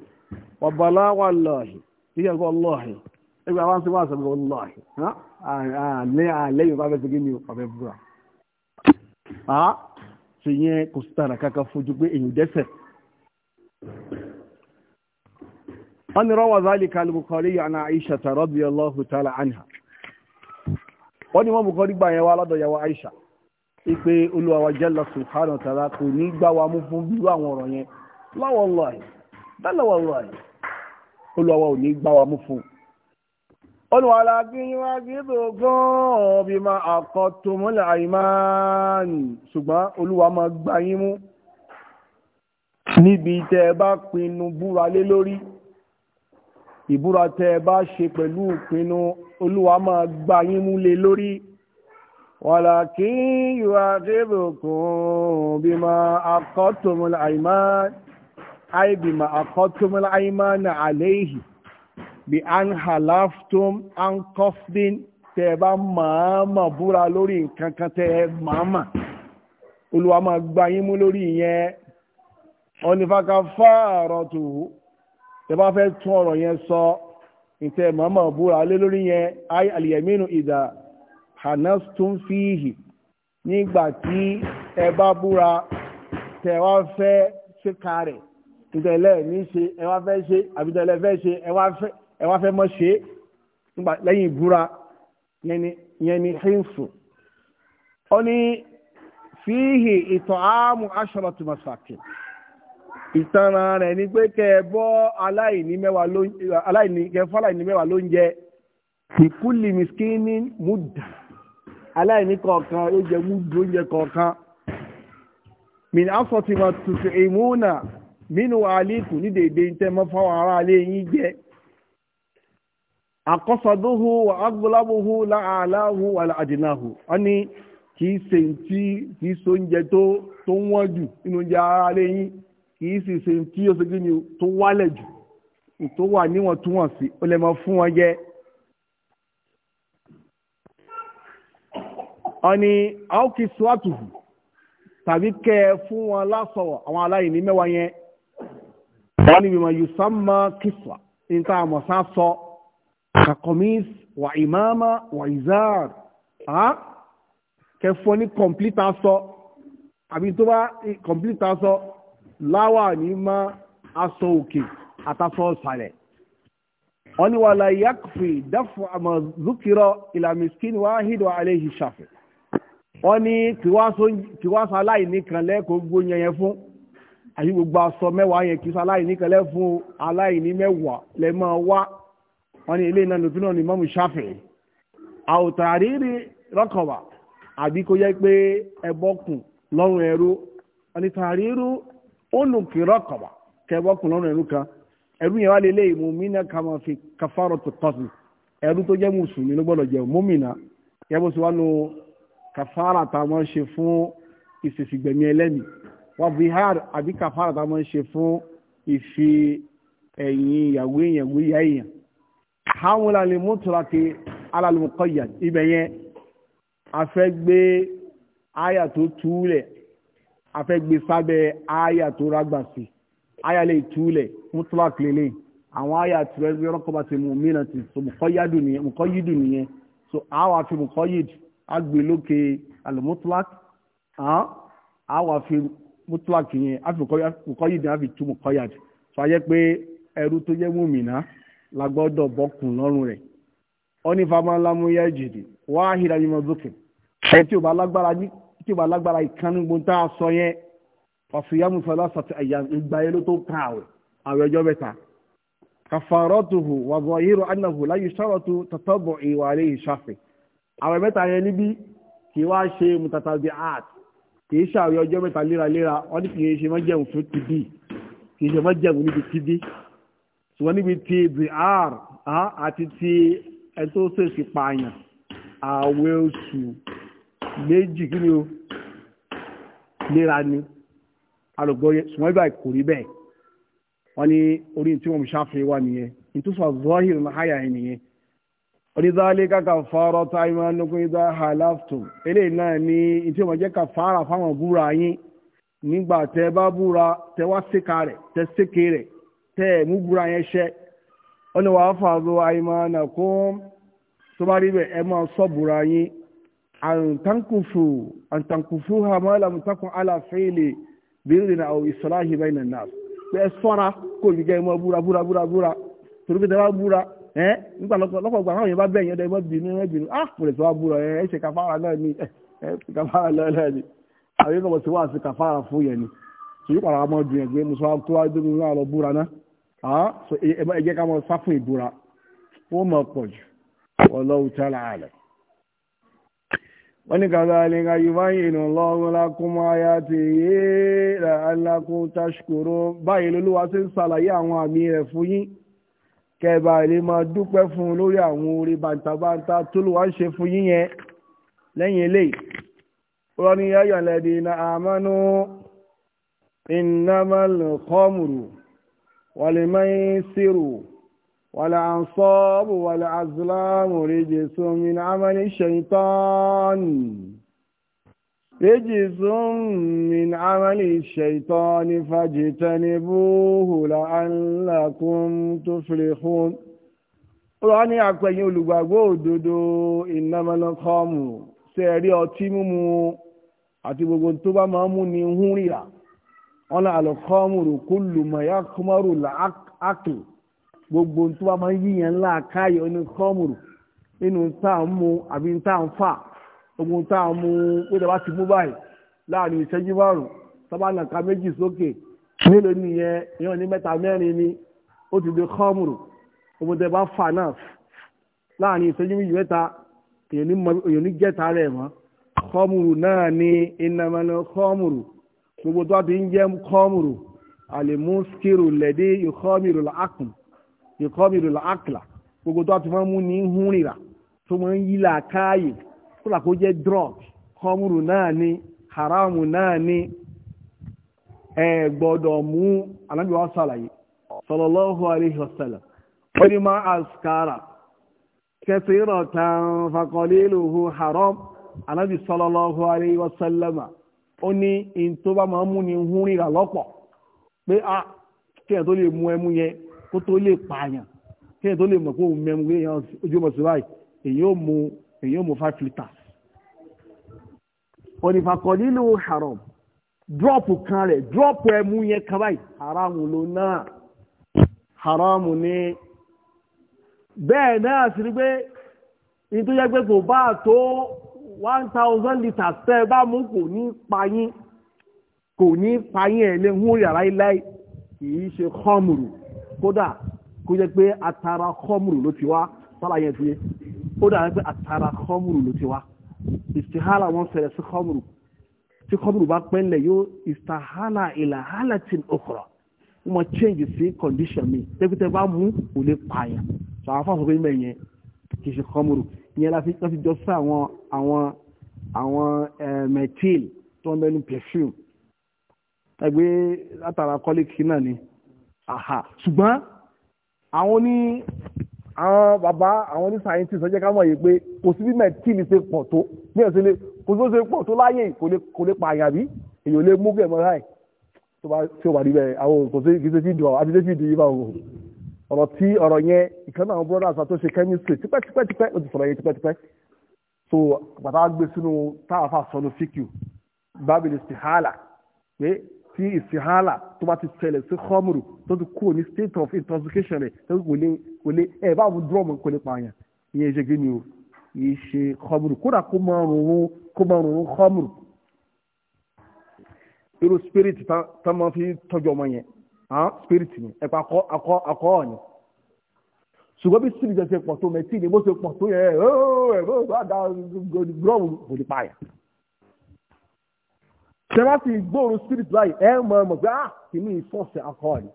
ọ̀bàláwà lọ́ọ̀hì yíyá kọ́ lọ́ọ̀hì ha a ha yẹn kò sí tààrà ha fojú pé wọ́n ni ذلك البخاري عن عائشة رضي الله تعالى عنها. anha ما ni wọ́n Bukhari يا yẹn wá lọ́dọ̀ yàwó Aisha ipe Olúwa wa jalla subhanahu wa ta'ala kò ní gbà wá mú fún bírú àwọn ọ̀rọ̀ yẹn la wallahi bala wallahi Olúwa wa ò ní gbà mú fún olùwàlá gbíyànjú gan bí ma àkọtòmọ́lẹ̀ àìmáàní ṣùgbọ́n olúwa máa gbà yín mú níbi tẹ́ bá pinnu búra lé lórí ìbúra tẹ ẹ bá ṣe pẹ̀lú ìpinnu olúwa máa gbà yín mú lé lórí walakin yu'adhibukum bima aqattumul ayman ay bima aqattumul aymana alayhi bí an halaftum an qasdin tẹ ẹ bá màámà búra lórí nǹkan kan tẹ ẹ màámà olúwa máa gbà yín mú lórí ìyẹn onífàkà fáàrọ̀ tẹ bá fẹ́ tún ọ̀rọ̀ yẹn sọ ìtẹ màmá búra lé lórí yẹn ayé àlìyẹmínú ìdá hanas tún fíhì nígbà tí ẹ bá búra tẹ wá fẹ́ síka rẹ̀ ìtẹ̀lẹ̀ ní ṣe ẹ wá fẹ́ ṣe àbítẹ̀lẹ̀ fẹ́ ṣe ẹ wá fẹ́ mọ́ ṣe lẹ́yìn ìbúra yẹn ni hinsu ó ní fíhì ìtọ̀ ààmù aṣọ́rọ̀ tó mọ̀ sàkè. ìtanràn rẹ̀ ni pé kẹ́ ẹ bọ́ aláìní mẹ́wàá ló aláìní mẹ́wàá ló ń jẹ ìkúlì mìskínní múdà aláìní kọ̀ọ̀kan ló jẹ múdù oúnjẹ kọ̀ọ̀kan min asọ̀tì ma ìmúnà mínú àlékù ní dèdè tẹ́ fáwọn ará alẹ́ yín jẹ àkọ́sọdúhu wà ágbólábùhu láàláhu wà kì í ṣe kì í oúnjẹ tó wọ́n jù nínú kì í sì ṣe tí ó ṣe ni tó wálẹ̀ jù tó wà níwọ̀ntúnwọ̀nsì ó lè máa fún wọn jẹ. wọ́n ní aókè swatuhu tàbí kẹ́ ẹ fún wọn lásọ̀wọ̀ àwọn aláìní mẹ́wàá yẹn wọ́n ní bímọ yusamma kiswa níta àmọ̀sá sọ kakomis wa imama wà ìzáàr kẹ́ fún ní kọ̀m̀plítà sọ àbí tó bá kọ̀m̀plítà sọ láwàní mọ́ aṣọ òkè àtàṣọ ìsàlẹ̀ wọ́n ní wàlá yakfi dáfù àmọ́ zúkìrọ̀ ìlàmìskín wáhídọ̀ aléhi ṣàfẹ́ wọ́n ní kìwáṣọ aláìní kan lẹ́kọ̀ọ́ gbóyan yẹn fún àyí gbogbo aṣọ mẹ́wàá yẹn kìí aláìní kan lẹ́fún aláìní mẹ́wàá lẹ́mọ́ wá wọ́n ní ilé iná lòfin náà ni mọ́mú ṣàfẹ́ àwòtàrí rọ́kọ̀wà àbí kó yẹ pé ẹbọ́kùn lọ́rùn ẹrú wọ́n ní tàrí olùkìrọ̀ kọ̀wà kẹwọ́ kùnrin ẹ̀rú kan ẹ̀rú yẹn wá lé lé mùmínà kama fi kàfàrọ̀ tó tọ́sí ẹ̀rú tó jẹ́ mùsùlùmí ló gbọ́dọ̀ jẹ́ mùmínà yẹ bó ṣe wá lo kàfàrà tá a máa ń ṣe fún ìṣèṣìgbẹ̀mí ẹlẹ́mì wà vihar àbí kàfàrà tá a máa ń ṣe fún ìfi ẹ̀yìn ìyàwó èèyàn wí ìyá èèyàn. àwọn ìlànà mọ́tòlákì alálùmọ́kọ́yà ibẹ̀ yẹn a fẹ́ gbé àyà tó túlẹ̀ afẹ́gbé sábẹ́ àyà tó rágbà sí àyà lè túlẹ̀ mutlak lélẹ̀ àwọn àyà tó rẹ́gbẹ́ rọ́kọ̀bá ti mú mí náà ti so mùkọ́yídù nìyẹn so àwọn lókè mutlak àwọn mutlak yẹn tú so ayẹ́ pé ẹrú tó jẹ́ mùmìnà la gbọ́dọ̀ bọ́kùn lọ́rùn rẹ̀ ọ ní famalamu yẹ́ jìdì yìí mọ́ zókè ẹ̀ tí lágbára tí wàá lágbára ìkànnì gbóntá sọ yẹn ọ̀sùnyàmù sọlá sàtì àyà ìgbà yẹn ló tó ká àwẹ̀ àwẹ̀ ọjọ́ mẹ́ta kàfàrọ́tùhù wàzọ̀ yìírò ánàhù láyé sọ́rọ̀tù tọ́tọ́bọ̀ ìwà àlẹ́ ìṣàfẹ́ àwẹ̀ mẹ́ta yẹn níbí kì í wá ṣe mùtàtàbí art kì í ṣàwẹ̀ ọjọ́ mẹ́ta léraléra wọ́n ní kì í ṣe mọ́jẹ̀mù fún tb kì í ṣe mọ́jẹ̀mù níbi tb ṣùgbọ́n níbi ti br méjì kí ni o léra ni alùgbọ́yẹ ṣùgbọ́n ibà kò rí bẹ́ẹ̀ wọ́n ní orí tí wọ́n ṣàfihàn wà nìyẹn ìtúsọ̀ zọ́hìrì náà háyà ẹ̀ nìyẹn onídàálé kàkà fọ́rọ̀ táìmọ̀ nukú ìdá halaftu eléyìí náà ni ìtí wọ́n jẹ́ ká fara fáwọn búra yín nígbà tẹ́ bá búra tẹ́ wá síka rẹ̀ tẹ́ síke rẹ̀ tẹ́ mú búra yẹn ṣẹ ó ní wàá fàzọ àìmọ̀ nàkó tó bá rí bẹ́ẹ̀ ẹ máa sọ búra yín an tankufu an tankufu ha ma lam takun ala fili birin aw islahi bainan nas be sora ko bi ge mo búra búra búra búra torí pé da búra eh ngba lọ́pọ̀ lọ́pọ̀ gba àwọn yẹn bá be yẹn de mo bínú e bínú ah ko le so búra eh ṣe kàfàrà náà ni eh kàfàrà náà náà ni àwọn ko mo si wa si kàfàrà fún yẹn ni so yi para mo du yẹn gbe mo so to wa du mi wa lọ búra náà ah so e jẹ́ ká mo sá fún ìbúra o mo pọ̀jù wallahu ta'ala alam wọ́n ní kadhalika yubayyinu Allahu lakum ayatihi la'allakum tashkurun báyìí lolúwa ti ń ṣàlàyé àwọn àmì rẹ̀ fún yín kẹba lè máa dúpẹ́ fún un lórí àwọn orí bàǹtàbàǹtà tó lù ń ṣe fún yín yẹn lẹ́yìn eléyìí wọ́n ní ayyuhalladhina amanu innamal khamru والأنصاب والأزلام رجس من عمل الشيطان رجس من عمل الشيطان فاجتنبوه لعلكم تفلحون Ọlọ́run ní àpẹ̀yìn olùgbàgbọ́ òdodo ìnámanàkọ́mù ṣe ẹ̀rí ọtí mímu àti gbogbo tó bá máa ń mú ni húnrìà ọ̀nà àlọ́kọ́mù rò kúlùmọ̀ yá kọ́mọ́rù làákìlì gbogbo tó bá máa ń yíyan ńlá káyọ̀ ní kọ́mùrù nínú tá à ń mu àbí tá à ń fà ogun tá à ń mu pé tá a bá ti mú báyìí láàrin ìṣẹ́jú márùn-ún sábàlàkà méjì sókè mélòó nìyẹn ìyẹn ní mẹ́ta mẹ́rin ni ó ti di kọ́mùrù ogun tẹ bá fà náà láàrin ìṣẹ́jú méjì mẹ́ta èèyàn ní jẹ́ta rẹ̀ wọ́n kọ́mùrù náà ni ìnàmọ́nà kọ́mùrù gbogbo tó a ti ń jẹ́ kọ́mùrù àlè mú skiru lẹ́dí ìkọ́mùrù làákùn ìkọ́bìrì àkìlà gbogbo tó ti máa mú ní hún rìrà tó máa ń yí làákàyè kódà kó jẹ́ drug kọ́mùrù náà ni haramu náà ni ẹ gbọ́dọ̀ mú anábì wa sàlàyé sallallahu alayhi wa sallam ó ní máa àṣkárà kẹsìrọ̀ tán fakọlélòhù haram anábì sallallahu alayhi wa sallama ó ní in bá máa mú ní hún rìrà lọ́pọ̀ pé a ah, kí ẹ̀ tó lè mú ẹmú yẹn kó tó lè pààyàn kí èyàn tó lè mọ̀ pé òun mẹ́mu pé èyàn ojú ọmọ sùúrà èyàn ò mu èyàn ò mu five litres. onífàkọ́ nínú haram dírọ́pù kan rẹ̀ dírọ́pù ẹmu yẹn kan báyìí haramu ló náà haramu ni bẹ́ẹ̀ náà sì ni pé nítorí pé kò bá tó one thousand litres tẹ́ ẹ bá mú kò ní pa yín kò ní pa yín ẹ̀ lé ń hó yàrá láì kì í ṣe khamru kódà kó jẹ́ pé atara kọ́mùrù ló ti wá sálàyé ti ó pé atara kọ́mùrù ló ti wá ìsìhálà wọn fẹ̀rẹ̀ sí kọ́mùrù tí kọ́mùrù bá pẹ́ ńlẹ̀ yóò ìsìhálà ìlàhálà ti ọkọ̀rọ̀ wọ́n mọ̀ change sí condition mi tẹ́kítẹ́ bá mú ò lè pààyàn sọ àwọn afọ́ àfọ́kọ́ ìmọ̀ ìyẹn kì í ṣe kọ́mùrù ìyẹn láti jọ sí àwọn àwọn àwọn mẹtíl tó ń bẹ ní perfume ẹgbẹ́ látara kọ́líkì náà ni àhà ṣùgbọ́n àwọn ní àwọn bàbá àwọn ní scientist ọjọ́ ká mọ̀ yìí pé kò sí bí mẹ́tíìlì ṣe pọ̀ tó ní ọ̀sẹ̀ lé kò sí bó ṣe pọ̀ tó láyè kò lè pààyàn bí èyí ò lè mú bẹ́ẹ̀ mọ́ra ẹ̀ tó bá tí ó wà níbẹ̀ àwọn kò sí kì í ṣe fídíò àti ṣe fídíò yìí bá wò ọ̀rọ̀ tí ọ̀rọ̀ yẹn ìkan náà brothers àti tó ṣe chemistry tipẹ́tipẹ́tipẹ́ ó ti sọ̀rọ̀ yẹn tipẹ́tipẹ́ so bàtà gbé sínú táàfà sọnù fíkìú bábìlì stihala tí ìsìhálà tó bá ti tẹ̀lẹ̀ sí khamru tó ti kúrò ní state of intoxication rẹ̀ tó kò lè kò lè ẹ̀ bá àwọn drum kò lè pààyàn ìyẹn ṣe kí ni o yìí ṣe khamru kódà kó máa rùn kó máa rùn khamru irú spirit tá máa fi tọ́jú ọmọ yẹn hàn spirit yẹn ẹ̀pọ̀ akọ́ akọ́ akọ́ ọ̀yàn ṣùgbọ́n bí spirit yẹn ṣe pọ̀ tó mẹ́tì ni bó ṣe pọ̀ tó yẹ ẹ̀ ẹ̀ ẹ̀ ẹ̀ ṣẹlá ti spirit báyìí ẹ mọ ẹ mọ pé ah kìíní ìfọ̀sẹ̀ akọ́ọ̀lì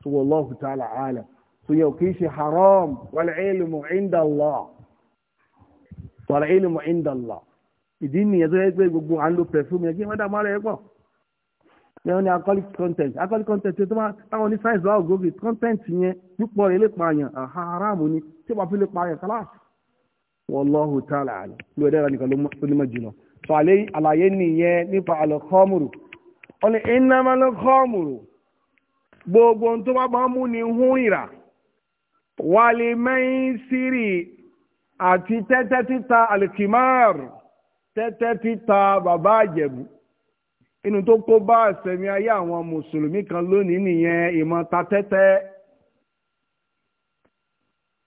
tó wọ lọ́hù ta'ala àlẹ́ tó yẹ kì haram wal ilmu inda inda ìdí nìyẹn tó yẹ pé gbogbo à ń lo perfume yẹn kí wọ́n dá mọ́ra ẹ pọ̀ yẹn ni alcoholic content alcoholic content tó máa táwọn ní science láwùjọ gòkè content yẹn púpọ̀ rẹ̀ lè haram ni tí wọ́n fi lè pààyàn kálá wallahu ta'ala fàlẹ́ àlàyé nìyẹn nípa àlọ́kọ́mùrù ó ní ìnámalọ́kọ́mùrù gbogbo tó bá bá mú ni hún ìrà wàlẹ̀ mẹ́yìn sírì àti tẹ́tẹ́ títa alkimar tẹ́tẹ́ títa bàbá àjẹ̀bù inú tó kó bá àṣẹmí ayé àwọn mùsùlùmí kan lónìí nìyẹn ìmọ̀ ta tẹ́tẹ́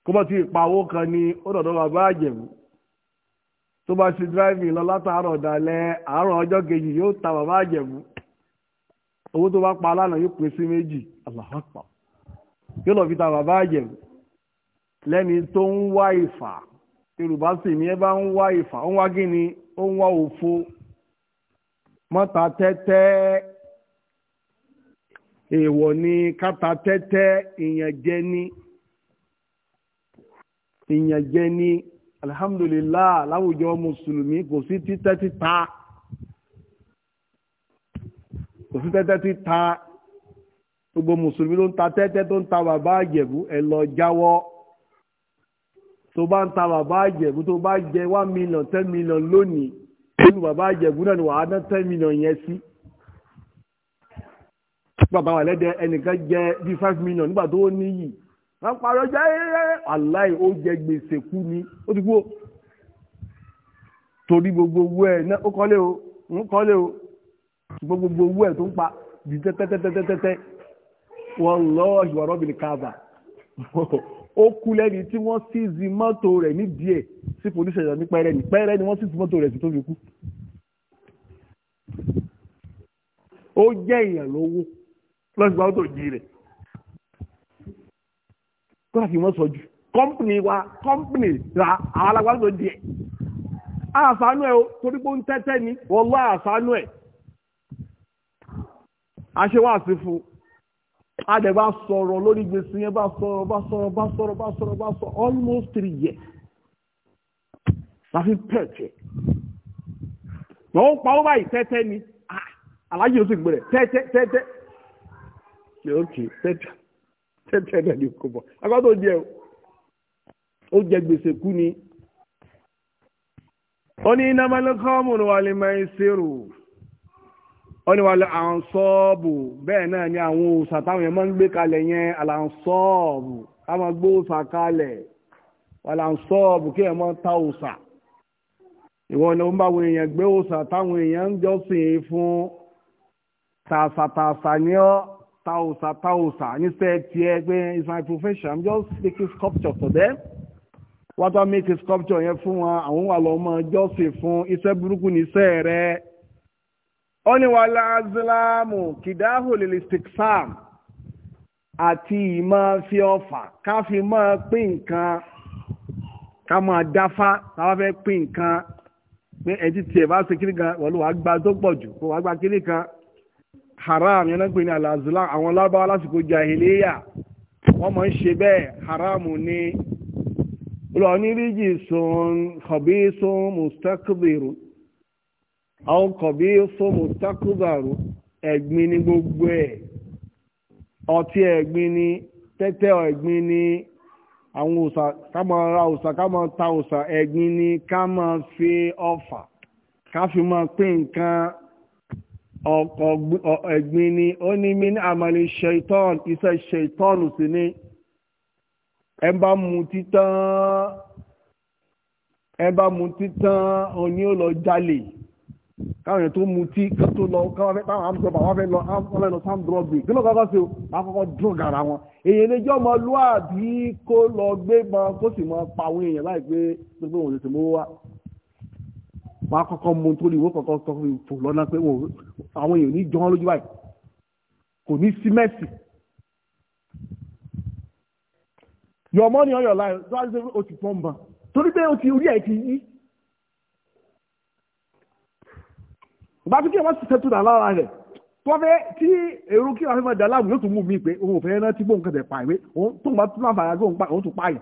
kó bá ti pawó kan ni ó dọ̀dọ̀ bàbá àjẹ̀bù tó bá ṣe driving lọ látàárọ̀ dalẹ́ àárọ̀ ọjọ́ kejì yóò ta bàbá àjẹ̀bù owó tó bá pa lánàá yóò pè sí méjì Allahu yóò lọ fi ta bàbá àjẹ̀bù lẹ́ni tó ń wá ìfà alhamdulillah láwùjọ mùsùlùmí kò sí títẹ́ títa kò sí tẹ́tẹ́ títa gbogbo mùsùlùmí ló ń ta tẹ́tẹ́ tó ń ta bàbá àjẹ̀bú ẹ lọ jáwọ́ tó bá ń ta bàbá àjẹ̀bú tó bá jẹ one million ten million lónìí nínú bàbá àjẹ̀bú náà ni wàá ná ten million yẹn sí bàbá wà lẹ́dẹ̀ẹ́ ẹnìkan jẹ bíi five million nígbà tó ó níyì wọ́n parọ́ jẹ́ aláì ó jẹ gbèsè kú ni ó ti kú o torí gbogbo owó ẹ̀ náà ó kọ́lé o ń kọ́lé o gbogbo owó ẹ̀ tó ń pa di tẹ́tẹ́tẹ́tẹ́tẹ́ wọ́n lọ ìwọ̀rọ̀ bìnrin káàbà ó kú lẹ́ni tí wọ́n sízi mọ́tò rẹ̀ ní díẹ̀ sí polisi ẹ̀yọ́ ní pẹ́rẹ́ ní pẹ́rẹ́ ni wọ́n sízi mọ́tò rẹ̀ sí tó fi kú ó jẹ́ èèyàn lówó lọ́sibáwó tó jí rẹ̀ kó láti wọ́n sọ jù kọ́mpìnì wa kọ́mpìnì ra àwọn alágbàdo díẹ̀ àṣánú ẹ̀ torí pé ń tẹ́tẹ́ ni wọ́n lọ́ àṣánú ẹ̀ aṣẹ́wàásí fún adẹ̀ bá sọ̀rọ̀ lórí gbèsè yẹn bá sọ̀rọ̀ bá sọ̀rọ̀ bá sọ̀rọ̀ bá sọ̀rọ̀ bá sọ̀rọ̀ almost three years láfi pẹ̀tẹ̀ lọ́wọ́ pa ó báyìí tẹ́tẹ́ ni ah, aláyé ó sì gbẹ̀rẹ̀ tẹ́tẹ́ tẹ́tẹ́ ten ten náà ni kò bọ̀ agbádùn oúnjẹ o ó jẹ gbèsè kú ni. ó ní iná máa ń kọ́ lè máa ń ṣèrò ó ní wa lè à ń sọ́ọ̀bù bẹ́ẹ̀ náà ni àwọn òòṣà táwọn yẹn máa ń gbé kalẹ̀ yẹn àlà ń sọ́ọ̀bù ká máa gbé òòṣà kalẹ̀ wà là ń sọ́ọ̀bù kí ẹ̀ máa ta òòṣà ìwọ ni ó ń bá àwọn èèyàn gbé òòṣà táwọn èèyàn ń jọ́sìn fún tàṣàtàṣà ni ọ́ thousand thousand instead tiẹ̀ pé it's my profession i'm just making sculpture for them What I make sculpture yẹn fún wọn àwọn wà lọ́ mọ jọ́sìn fún iṣẹ́ burúkú ní iṣẹ́ rẹ̀ ó ní wàhálà azilamu kìdáhùn lè stiksam àti ìmọ̀ fi ọfà ká fi mọ́ pín nǹkan ká máa dáfá táwa fẹ́ pín nǹkan pé ẹ̀jí kiri kan wọ́n ló wàá gba tó pọ̀ jù kó wàá haram yẹn náà pè ní alazula àwọn lábáwá lásìkò jahiliya wọ́n mọ̀ ń ṣe bẹ́ẹ̀ haram ní lọ ní ríjì sun kọ̀bí sun mustakubiru àwọn kọ̀bí sun mustakubaru ẹ̀gbin ní gbogbo ẹ̀ ọtí ẹ̀gbin ní tẹ́tẹ́ ẹ̀gbin ní àwọn òsà ká máa ra òsà ká máa ta òsà ẹ̀gbin ní ká máa fi ọfà ká fi máa pín nǹkan ọkọ̀ ẹ̀gbin ni ó ní min amali ṣẹ̀tọ́n iṣẹ́ ṣẹ̀tọ́n sí ni ẹ bá mu títán ẹ bá mu títán òní ó lọ jalè káwọn èèyàn tó mu tí kán tó lọ káwọn fẹ́ táwọn àmì sọ́pà wọ́n fẹ́ lọ wọ́n fẹ́ lọ sam o wọ́n kọ́kọ́ drug ara wọn èyí lè jẹ́ ọmọ lúàbí kó lọ gbé mọ kó sì mọ pa àwọn èèyàn láì pé pé òun wọ́n kọ́kọ́ mú torí wọ́n kọ́kọ́ fò lọ́nà pé àwọn èèyàn ní jọ́n lójú báyìí kò ní símẹ́ǹtì your money on your life o ti pọ́n ba torí pé o ti orí ẹ̀ ti yí. ìbá fi kí wọ́n ti tẹ́tù náà lára rẹ̀ tó fẹ́ tí èrò kí wọ́n fi máa dà láàmú yóò tún mú mi pé òun ò fẹ́ rántí gbóǹkan tẹ̀ pàìwé òun tó ń bá tún láǹfààní àgbóǹpa òun tún pààyàn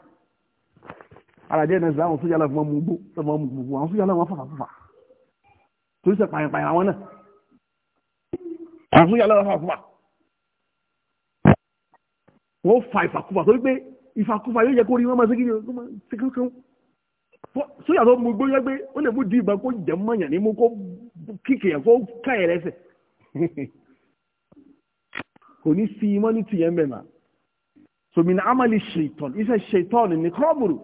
alàjẹ́ ìnà ìsìn sójà lọ́wọ́ mú gbó lọ́wọ́ mú gbogbo àwọn sójà lọ́wọ́ fàfà fàfà torí sẹ pàyàpàyà àwọn náà àwọn sójà lọ́wọ́ fàfà fàfà wọ́n fa ìfàkúfà torí pé ìfàkúfà yóò yẹ kó rí wọ́n máa sékìrì ọ̀gbọ́n sékìrì sójà tó mú gbó yẹ pé ó lè mú di ìgbà kó jẹ mọ́yàn ní mú kó kíkì yẹn kó ká yẹn lẹ́sẹ̀ kò ní fi mọ́nítì yẹn bẹ̀ mà sòmìnà amali ṣètọ́n iṣẹ́ ṣètọ́n ní kọ́ọ̀bùrù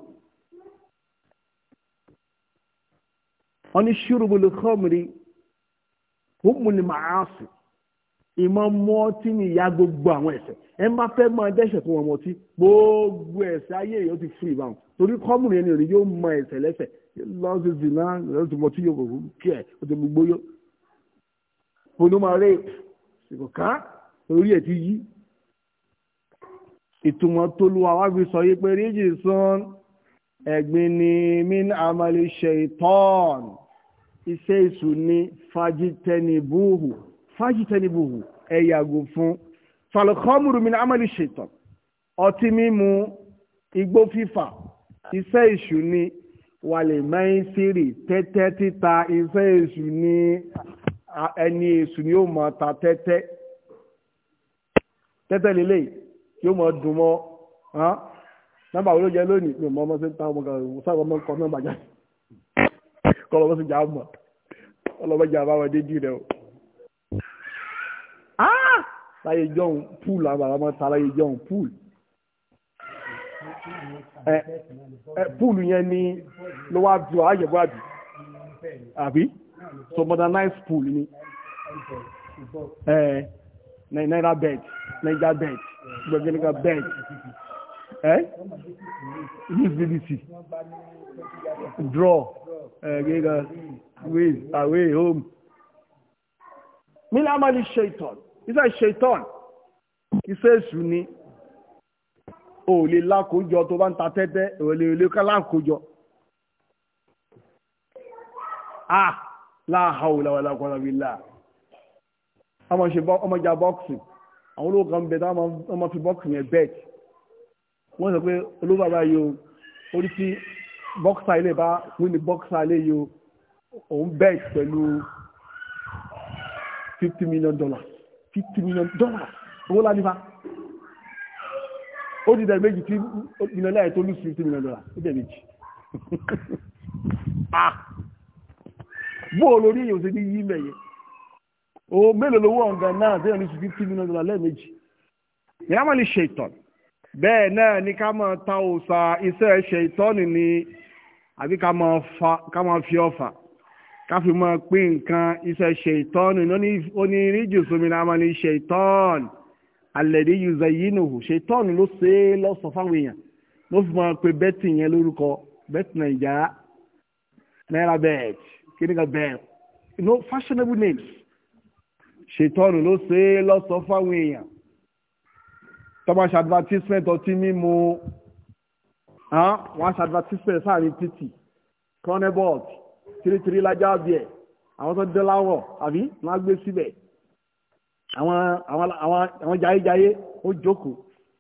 wọ́n ní ṣúrùbùlù khamri humul ma'asi ìmọ̀ mọ́tí ni ìyá gbogbo àwọn ẹ̀ṣẹ̀ ẹ má fẹ́ máa dẹ́ṣẹ̀ fún wọn mọ́tí gbogbo ẹ̀ṣẹ̀ ayé èèyàn ti fún ìbáwọn torí khamri ẹni òní yóò mọ ẹ̀ṣẹ̀ lẹ́ṣẹ̀ lọ́sí zina lọ́sí mọ́tí yóò kò kí ẹ̀ ó ti gbogbo yó ponomarate ṣìkọ̀ká orí ẹ̀ ti yí ìtumọ̀ tolúwa wá fi sọ yí pé ríjì sàn ẹ̀gbin ni min amali shaitan iṣẹ́ èṣù ni fajitẹnibuhu fajitẹnibuhu ẹ yàgò fún falkhamru min amali shaitan ọtí mímu igbó fífà iṣẹ́ èṣù ni wàlẹ̀ mẹ́ńsírì tẹ́tẹ́ títa iṣẹ́ èṣù ni ẹni èṣù ni ó máa ta tẹ́tẹ́ tẹ́tẹ́ lélẹ̀ yóò máa dùn mọ́ nọ́mbà wo ló jẹ lónìí mi ò mọ ọmọ sí táwọn ọmọ kan ò sábà ọmọ kan nọ́mbà jáde kọ́ lọ́mọ sí jà á mọ̀ ọlọ́mọ jà bá wọn dé dì rẹ o. Ah! láyé jọ̀hún púùlù àwọn bàbá máa ta láyé jọ̀hún púùlù. ẹ ẹ púùlù yẹn ni ló wá ju àyẹ̀wò àbí àbí so modernized púùlù ni ẹ náírà bẹ́ẹ̀dì náírà bẹ́ẹ̀dì gbẹ̀gẹ́nìkan bẹ́ẹ̀dì ẹ́ eh? visibility draw eh, gíga ways away home min amali shaitan iṣẹ́ shaitan He says you ni o lè lákòójọ tó bá ń ta tẹ́tẹ́ o lè lè ká lákòójọ ah la láhàúlà wà lákòójọ bí láà ọmọ ìjà bọ́ọ̀sì àwọn olóògùn bẹ̀rẹ̀ ọmọ fi bọ́ọ̀sì yẹn bẹ́ẹ̀ wọ́n sọ pé olúbàbá yóò orí tí bọ́ksà ilé bá wí ní bọ́ksà ilé yóò òun bet pẹ̀lú fifty million dollars fifty million dollars owó ládìbá ó dìdẹ̀ méjì tí ìnáyà tó lù sí fifty million dollars ó dẹ̀ méjì ah! bóò lórí èyàn ṣe ní yí mẹ̀yẹ o mélòó lówó ọ̀gá náà tí èyàn lù sí fifty million dollars lẹ́ẹ̀mejì ìyá máa lè ṣe ìtọ́nù bẹ́ẹ̀ náà ni ká máa ta òòṣà iṣẹ́ ṣètọ́nì ni àbí ká máa fi ọfà ká fi máa pín nǹkan iṣẹ́ ṣètọ́nì oníríjì sómìnà máa ní ṣètọ́nì alẹ́dí yuza yìí nù ṣètọ́nì ló ṣe é lọ́sọ̀ fáwọn èèyàn ló fi máa pe bẹ́tì yẹn lórúkọ bẹ́tì nàìjà náírà bẹ́ẹ̀t kíníkà bẹ́ẹ̀t no fashionable names ṣètọ́nì ló ṣe é lọ́sọ̀ fáwọn èèyàn tọ́ba ṣe advertisement ọtí mímu wọ́n ṣe advertisement sáàrin títì cronenbolt tìrìtìrì lájà bíẹ̀ àwọn tó dẹ́láwọ̀ àbí wọ́n á gbé síbẹ̀ àwọn jayéjayé ó jókòó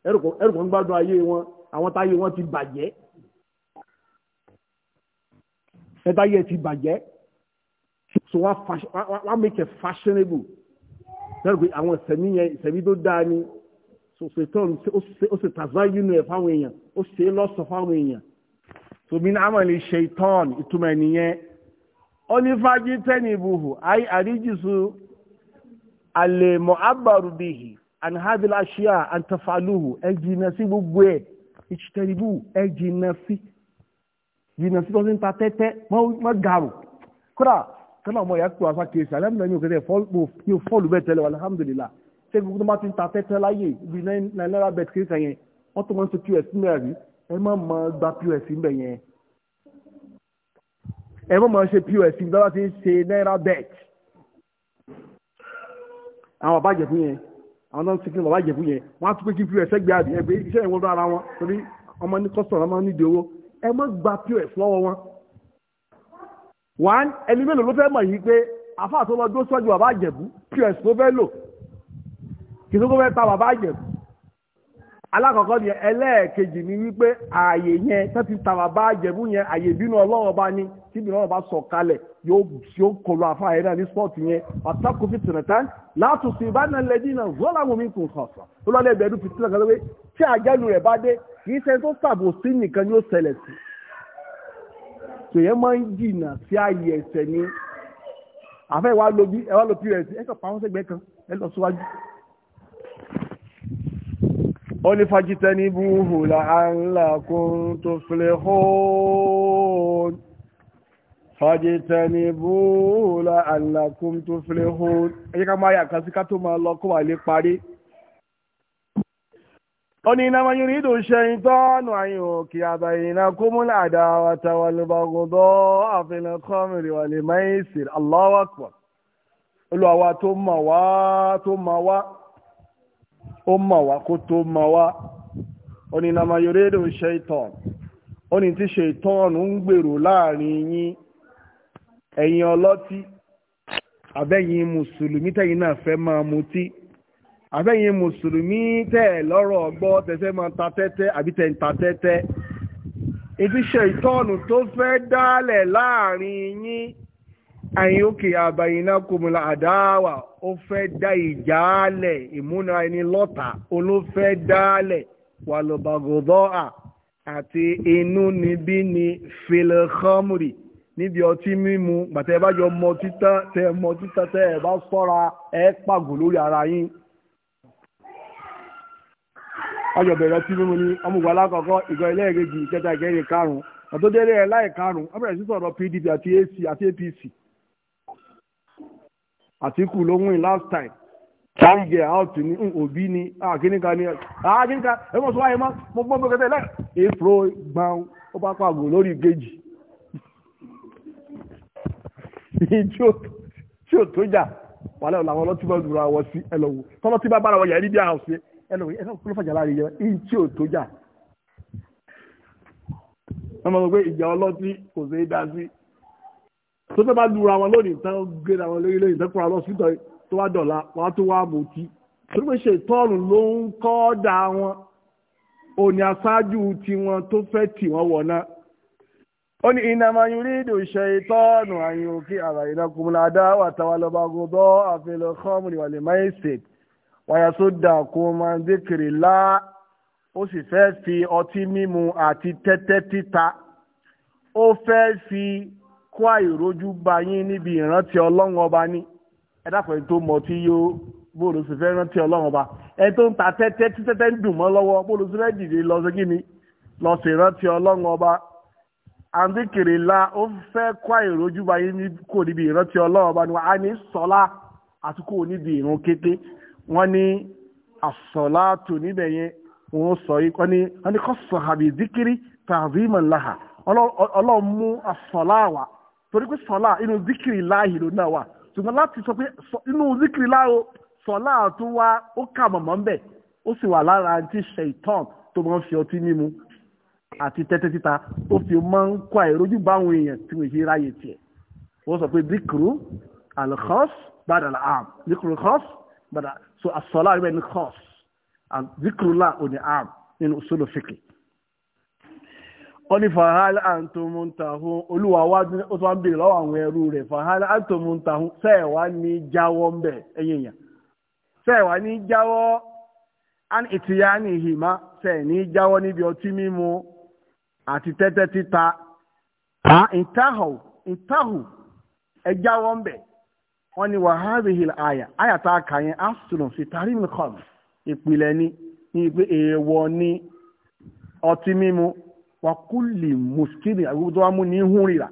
ẹrùkọ́ ń gbádùn ayé wọn àwọn táyé wọn ti bàjẹ́ ẹ̀dáyé ti bàjẹ́ so wọ́n make it fashionable lẹ́rù pé àwọn ìsẹ̀mí yẹn ìsẹ̀mí tó dáa ni sòṣètọ́n ó sì tàzá yínú ẹ̀ fáwọn èèyàn ó ṣe é lọ́sàn fáwọn èèyàn tòmí ní àmàlẹ́ ṣe ìtọ́n ìtumọ̀ ẹ̀nìyẹn ó ní fájí tẹ́ni ìbùhù àyè àríjìṣu alẹ́ mọ́ àbàrùbìhì àni hábìlá ṣíà àǹtàfàlùhù ẹ jìnnà sí gbogbo ẹ̀ ìṣìtẹ̀rìbù ẹ jìnnà sí jìnnà sí tọ́sí ń ta tẹ́tẹ́ mọ́ gàrú kódà kọ́nà ọmọ ìyá pé wàá kéésì alẹ́ mi náà mi ò ṣé gbogbo tó bá ti ń ta tẹ́tẹ́ láyè ibi náírà bẹ̀t kéka yẹn wọ́n tó máa ń ṣe pọ́s níbẹ̀ rí ẹ má mọ gba pọ́s níbẹ̀ yẹn ẹ má mọ ṣe pọ́s níbẹ̀ bá ti ń ṣe náírà bẹ̀t àwọn bàbá ìjẹ̀bú yẹn àwọn náà ń sikin bàbá ìjẹ̀bú yẹn wọ́n á tún pé kí pọ́s ẹgbẹ́ àbí ẹgbẹ́ iṣẹ́ ìwọ́n ara wọn torí ọmọ ní kọ́sọ̀rọ̀ ọmọ nídìí owó ẹ má gba pọ́s lọ́wọ́ wọn wọ́n ẹni mélòó ló fẹ́ mọ̀ yìí pé àfáà tó lọ dó sọ́jú bàbá kì í sọ pé fẹ́ ta bàbá àjẹ̀bù alákọ̀ọ́kọ́ ni ẹlẹ́ẹ̀kejì ni wípé ààyè yẹn tó ti ta bàbá àjẹ̀bù yẹn ààyè bínú ọlọ́run bá ní tí bínú ọlọ́run bá sọ̀ kalẹ̀ yóò kọlu àfa ẹ̀rọ ní spọ́ọ̀tì yẹn ọ̀tàkùn fi tìrẹ̀ tán látòsí ìbánilẹ́dí náà zọ́làmù mi kùn kàn tó lọ́lẹ́ ìbẹ̀rù fi sílẹ̀ kan tí àjálù rẹ̀ bá dé kì í ṣe tó ṣàbòsí nìkan yóò ṣẹlẹ̀ sí. tòyẹ́ máa ń jìnnà sí ààyè ẹ̀sẹ̀ ni àfẹ́ ìwà lo bí ẹ̀wà lo pọ́s ẹ̀ kàn pa wọ́n sẹ́gbẹ̀ẹ́ kan ẹ lọ síwájú ó ní fàjítẹ́ ní búhù la'allakum tuflihun fàjítẹ́ ní búhù la'allakum tuflihun ẹjẹ́ ká máa yàkà sí ká tó máa lọ kó wà lè parí ó ní iná mayú ní ìdùn ṣe ìtọ́nù àyìn òkè àbàyìnà kó mú àdáwàtà wà lè àfihàn kọ́mìrì O mọ̀ kó tó wa. wá onínàmà yorédò ṣe ìtàn oní gbèrò láàrin yín ẹ̀yin ọlọ́tí àbẹ́yin mùsùlùmí tẹ́yin náà fẹ́ máa mutí àbẹ́yin mùsùlùmí tẹ́ lọ́rọ̀ ọgbọ́ tẹ́fẹ́ máa ta tẹ́tẹ́ àbí ta tẹ́tẹ́ àyìn òkè àbàyìnà kòmùlà àdáwà ó fẹ́ dá ìjálẹ̀ ìmúna ẹni lọ́ta olófẹ́ dálẹ̀ wà lọ́bàgọ́dọ́ àti inú níbí ni filhamri níbi ọtí mímu gbàtẹ́ bá jọ mọ títà tẹ mọ títà tẹ ẹ bá sọ́ra ẹ pàgò lórí ara yín. ọjọ́ bẹ̀rẹ̀ ọtí mímu ni ọmọọ̀gbọ́n alákọ̀ọ́kọ́ ìgbọ́ ilé ìkejì ìkẹta ìkẹyìn karùn-ún àtọ́jẹ́lẹ̀ ẹ̀ láì karùn-ún ọbẹ̀rẹ̀ sí PDP àti AC àti APC. àtìkù ló win last time time get out ni òbí ni ni àkíníkà ẹ mọ̀ wáyé mọ́ mo gbọ́ pé kẹtẹ́ lẹ́yìn èèfó gbọ́n ó bá pàgò lórí ìgéjì tí ò tó jà wàhálà ọ̀la àwọn ọlọ́tí bá dùrọ̀ àwọ̀ sí ẹlọ́wọ́ tọ́lọ́tí bá bára wọ̀ yẹ̀rí bí àwọn ṣe ẹlọ́wọ́ ẹ̀ka kúlọ́ fàjà láàrin yẹn tí ò tó jà mọ̀ pé ìjà ọlọ́tí kò dá sí tó tó bá lura wọn lónìí tán gbéra wọn lórí lónìí tán kúra lọ sí tó wá dọ̀la wọn á tó wá mọ̀tí torí pé ṣètọ́ọ̀nù ló ń kọ́ da wọn òní aṣáájú tiwọn tó fẹ́ tì wọ́n wọ̀nà. ó ní innama yuridu ṣètọ́ọ̀nù àyìn òkè àrà ìdákùnmùládá wàtàwà lọ́ba gòdó àfihàn khamri wal maisir wayasuddakum an dhikrillah ó sì fẹ́ fi ọtí mímu àti tẹ́tẹ́ kó àìrójú bá yín níbi ìrántí ọlọ́run ọba ní ẹ dákun ẹni tó mọ tí yóò bóòlù sì fẹ́ rántí ọlọ́run ọba ẹni tó ń ta tẹ́tẹ́ tí tẹ́tẹ́ ń dùn mọ́ lọ́wọ́ bóòlù sì fẹ́ ó fẹ́ kó àìrójú bá yín ni ní sọlá àti níbi kété wọ́n ní àsọlá tò níbẹ̀ yẹn wọ́n sọ wọ́n ní kọ́ sọ̀hàbì torí pé sọlá inú zikiri láàyè ló náà wà ṣùgbọ́n láti sọ pé inú zikiri láàyò sọlá tó wá ó kà mọ̀mọ́ ńbẹ̀ ó sì wà lára ti ṣèitán tó máa ń fi ọtí mímu àti tẹ́tẹ́ títa ó fi máa ń kó àìrójú bá àwọn èèyàn tí wọ́n ṣe ráyè tiẹ̀ wọ́n sọ pé zikiri alkhos badal am zikiri khos badal so asọlá rẹ̀ ní khos la oni am nínú usulu fikri ó ní fàhálà àǹtòmùntàhún olúwa wá ó tó wá ń bèèrè lọ́wọ́ àwọn ẹrú rẹ̀ fàhálà àǹtòmùntàhún sẹ́ẹ̀wá ní jáwọ́ ń bẹ̀ ẹ̀yìn èèyàn sẹ́ẹ̀wá ní jáwọ́ an ìtìyà ní ìhìmá sẹ́ẹ̀ ní jáwọ́ níbi ọtí mímu àti tẹ́tẹ́ títa ìtahù ìtahù ń bẹ̀ wọ́n ní wàhálìhìl ni ni ọtí mímu wa kulli muskini agbóhùn tó wá mú ní hún rira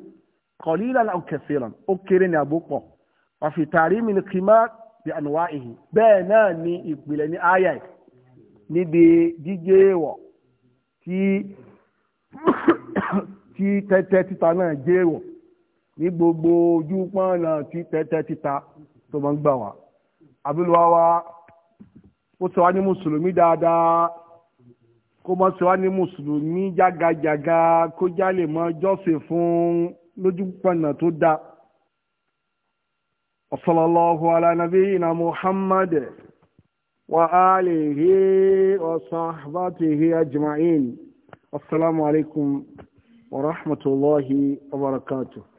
qalilan aw kathiran ó kéré ní àgbo pọ̀ wa fi tarimi ní kìmá bí anwa'ihi bẹ́ẹ̀ náà ní ìpìlẹ̀ ní àyà níbi jíjẹ́ wọ̀ tí tí tẹ́tẹ́ títa náà jẹ́ wọ̀ ní gbogbo ojú pọ́n tí tẹ́tẹ́ títa tó máa ń gbà wá abúlé wa wá ó sọ wá ní mùsùlùmí dáadáa. kó mọ́ sọ wá ní mùsùlùmí jágajàga kó já lè mọ́ jọ́sìn fún lójúpọ̀nà tó dáa. sallallahu ala nabiyina muhammad wa alihi wa sahbatihi ajma'in assalamu alaikum wa rahmatullahi wa barakatuh.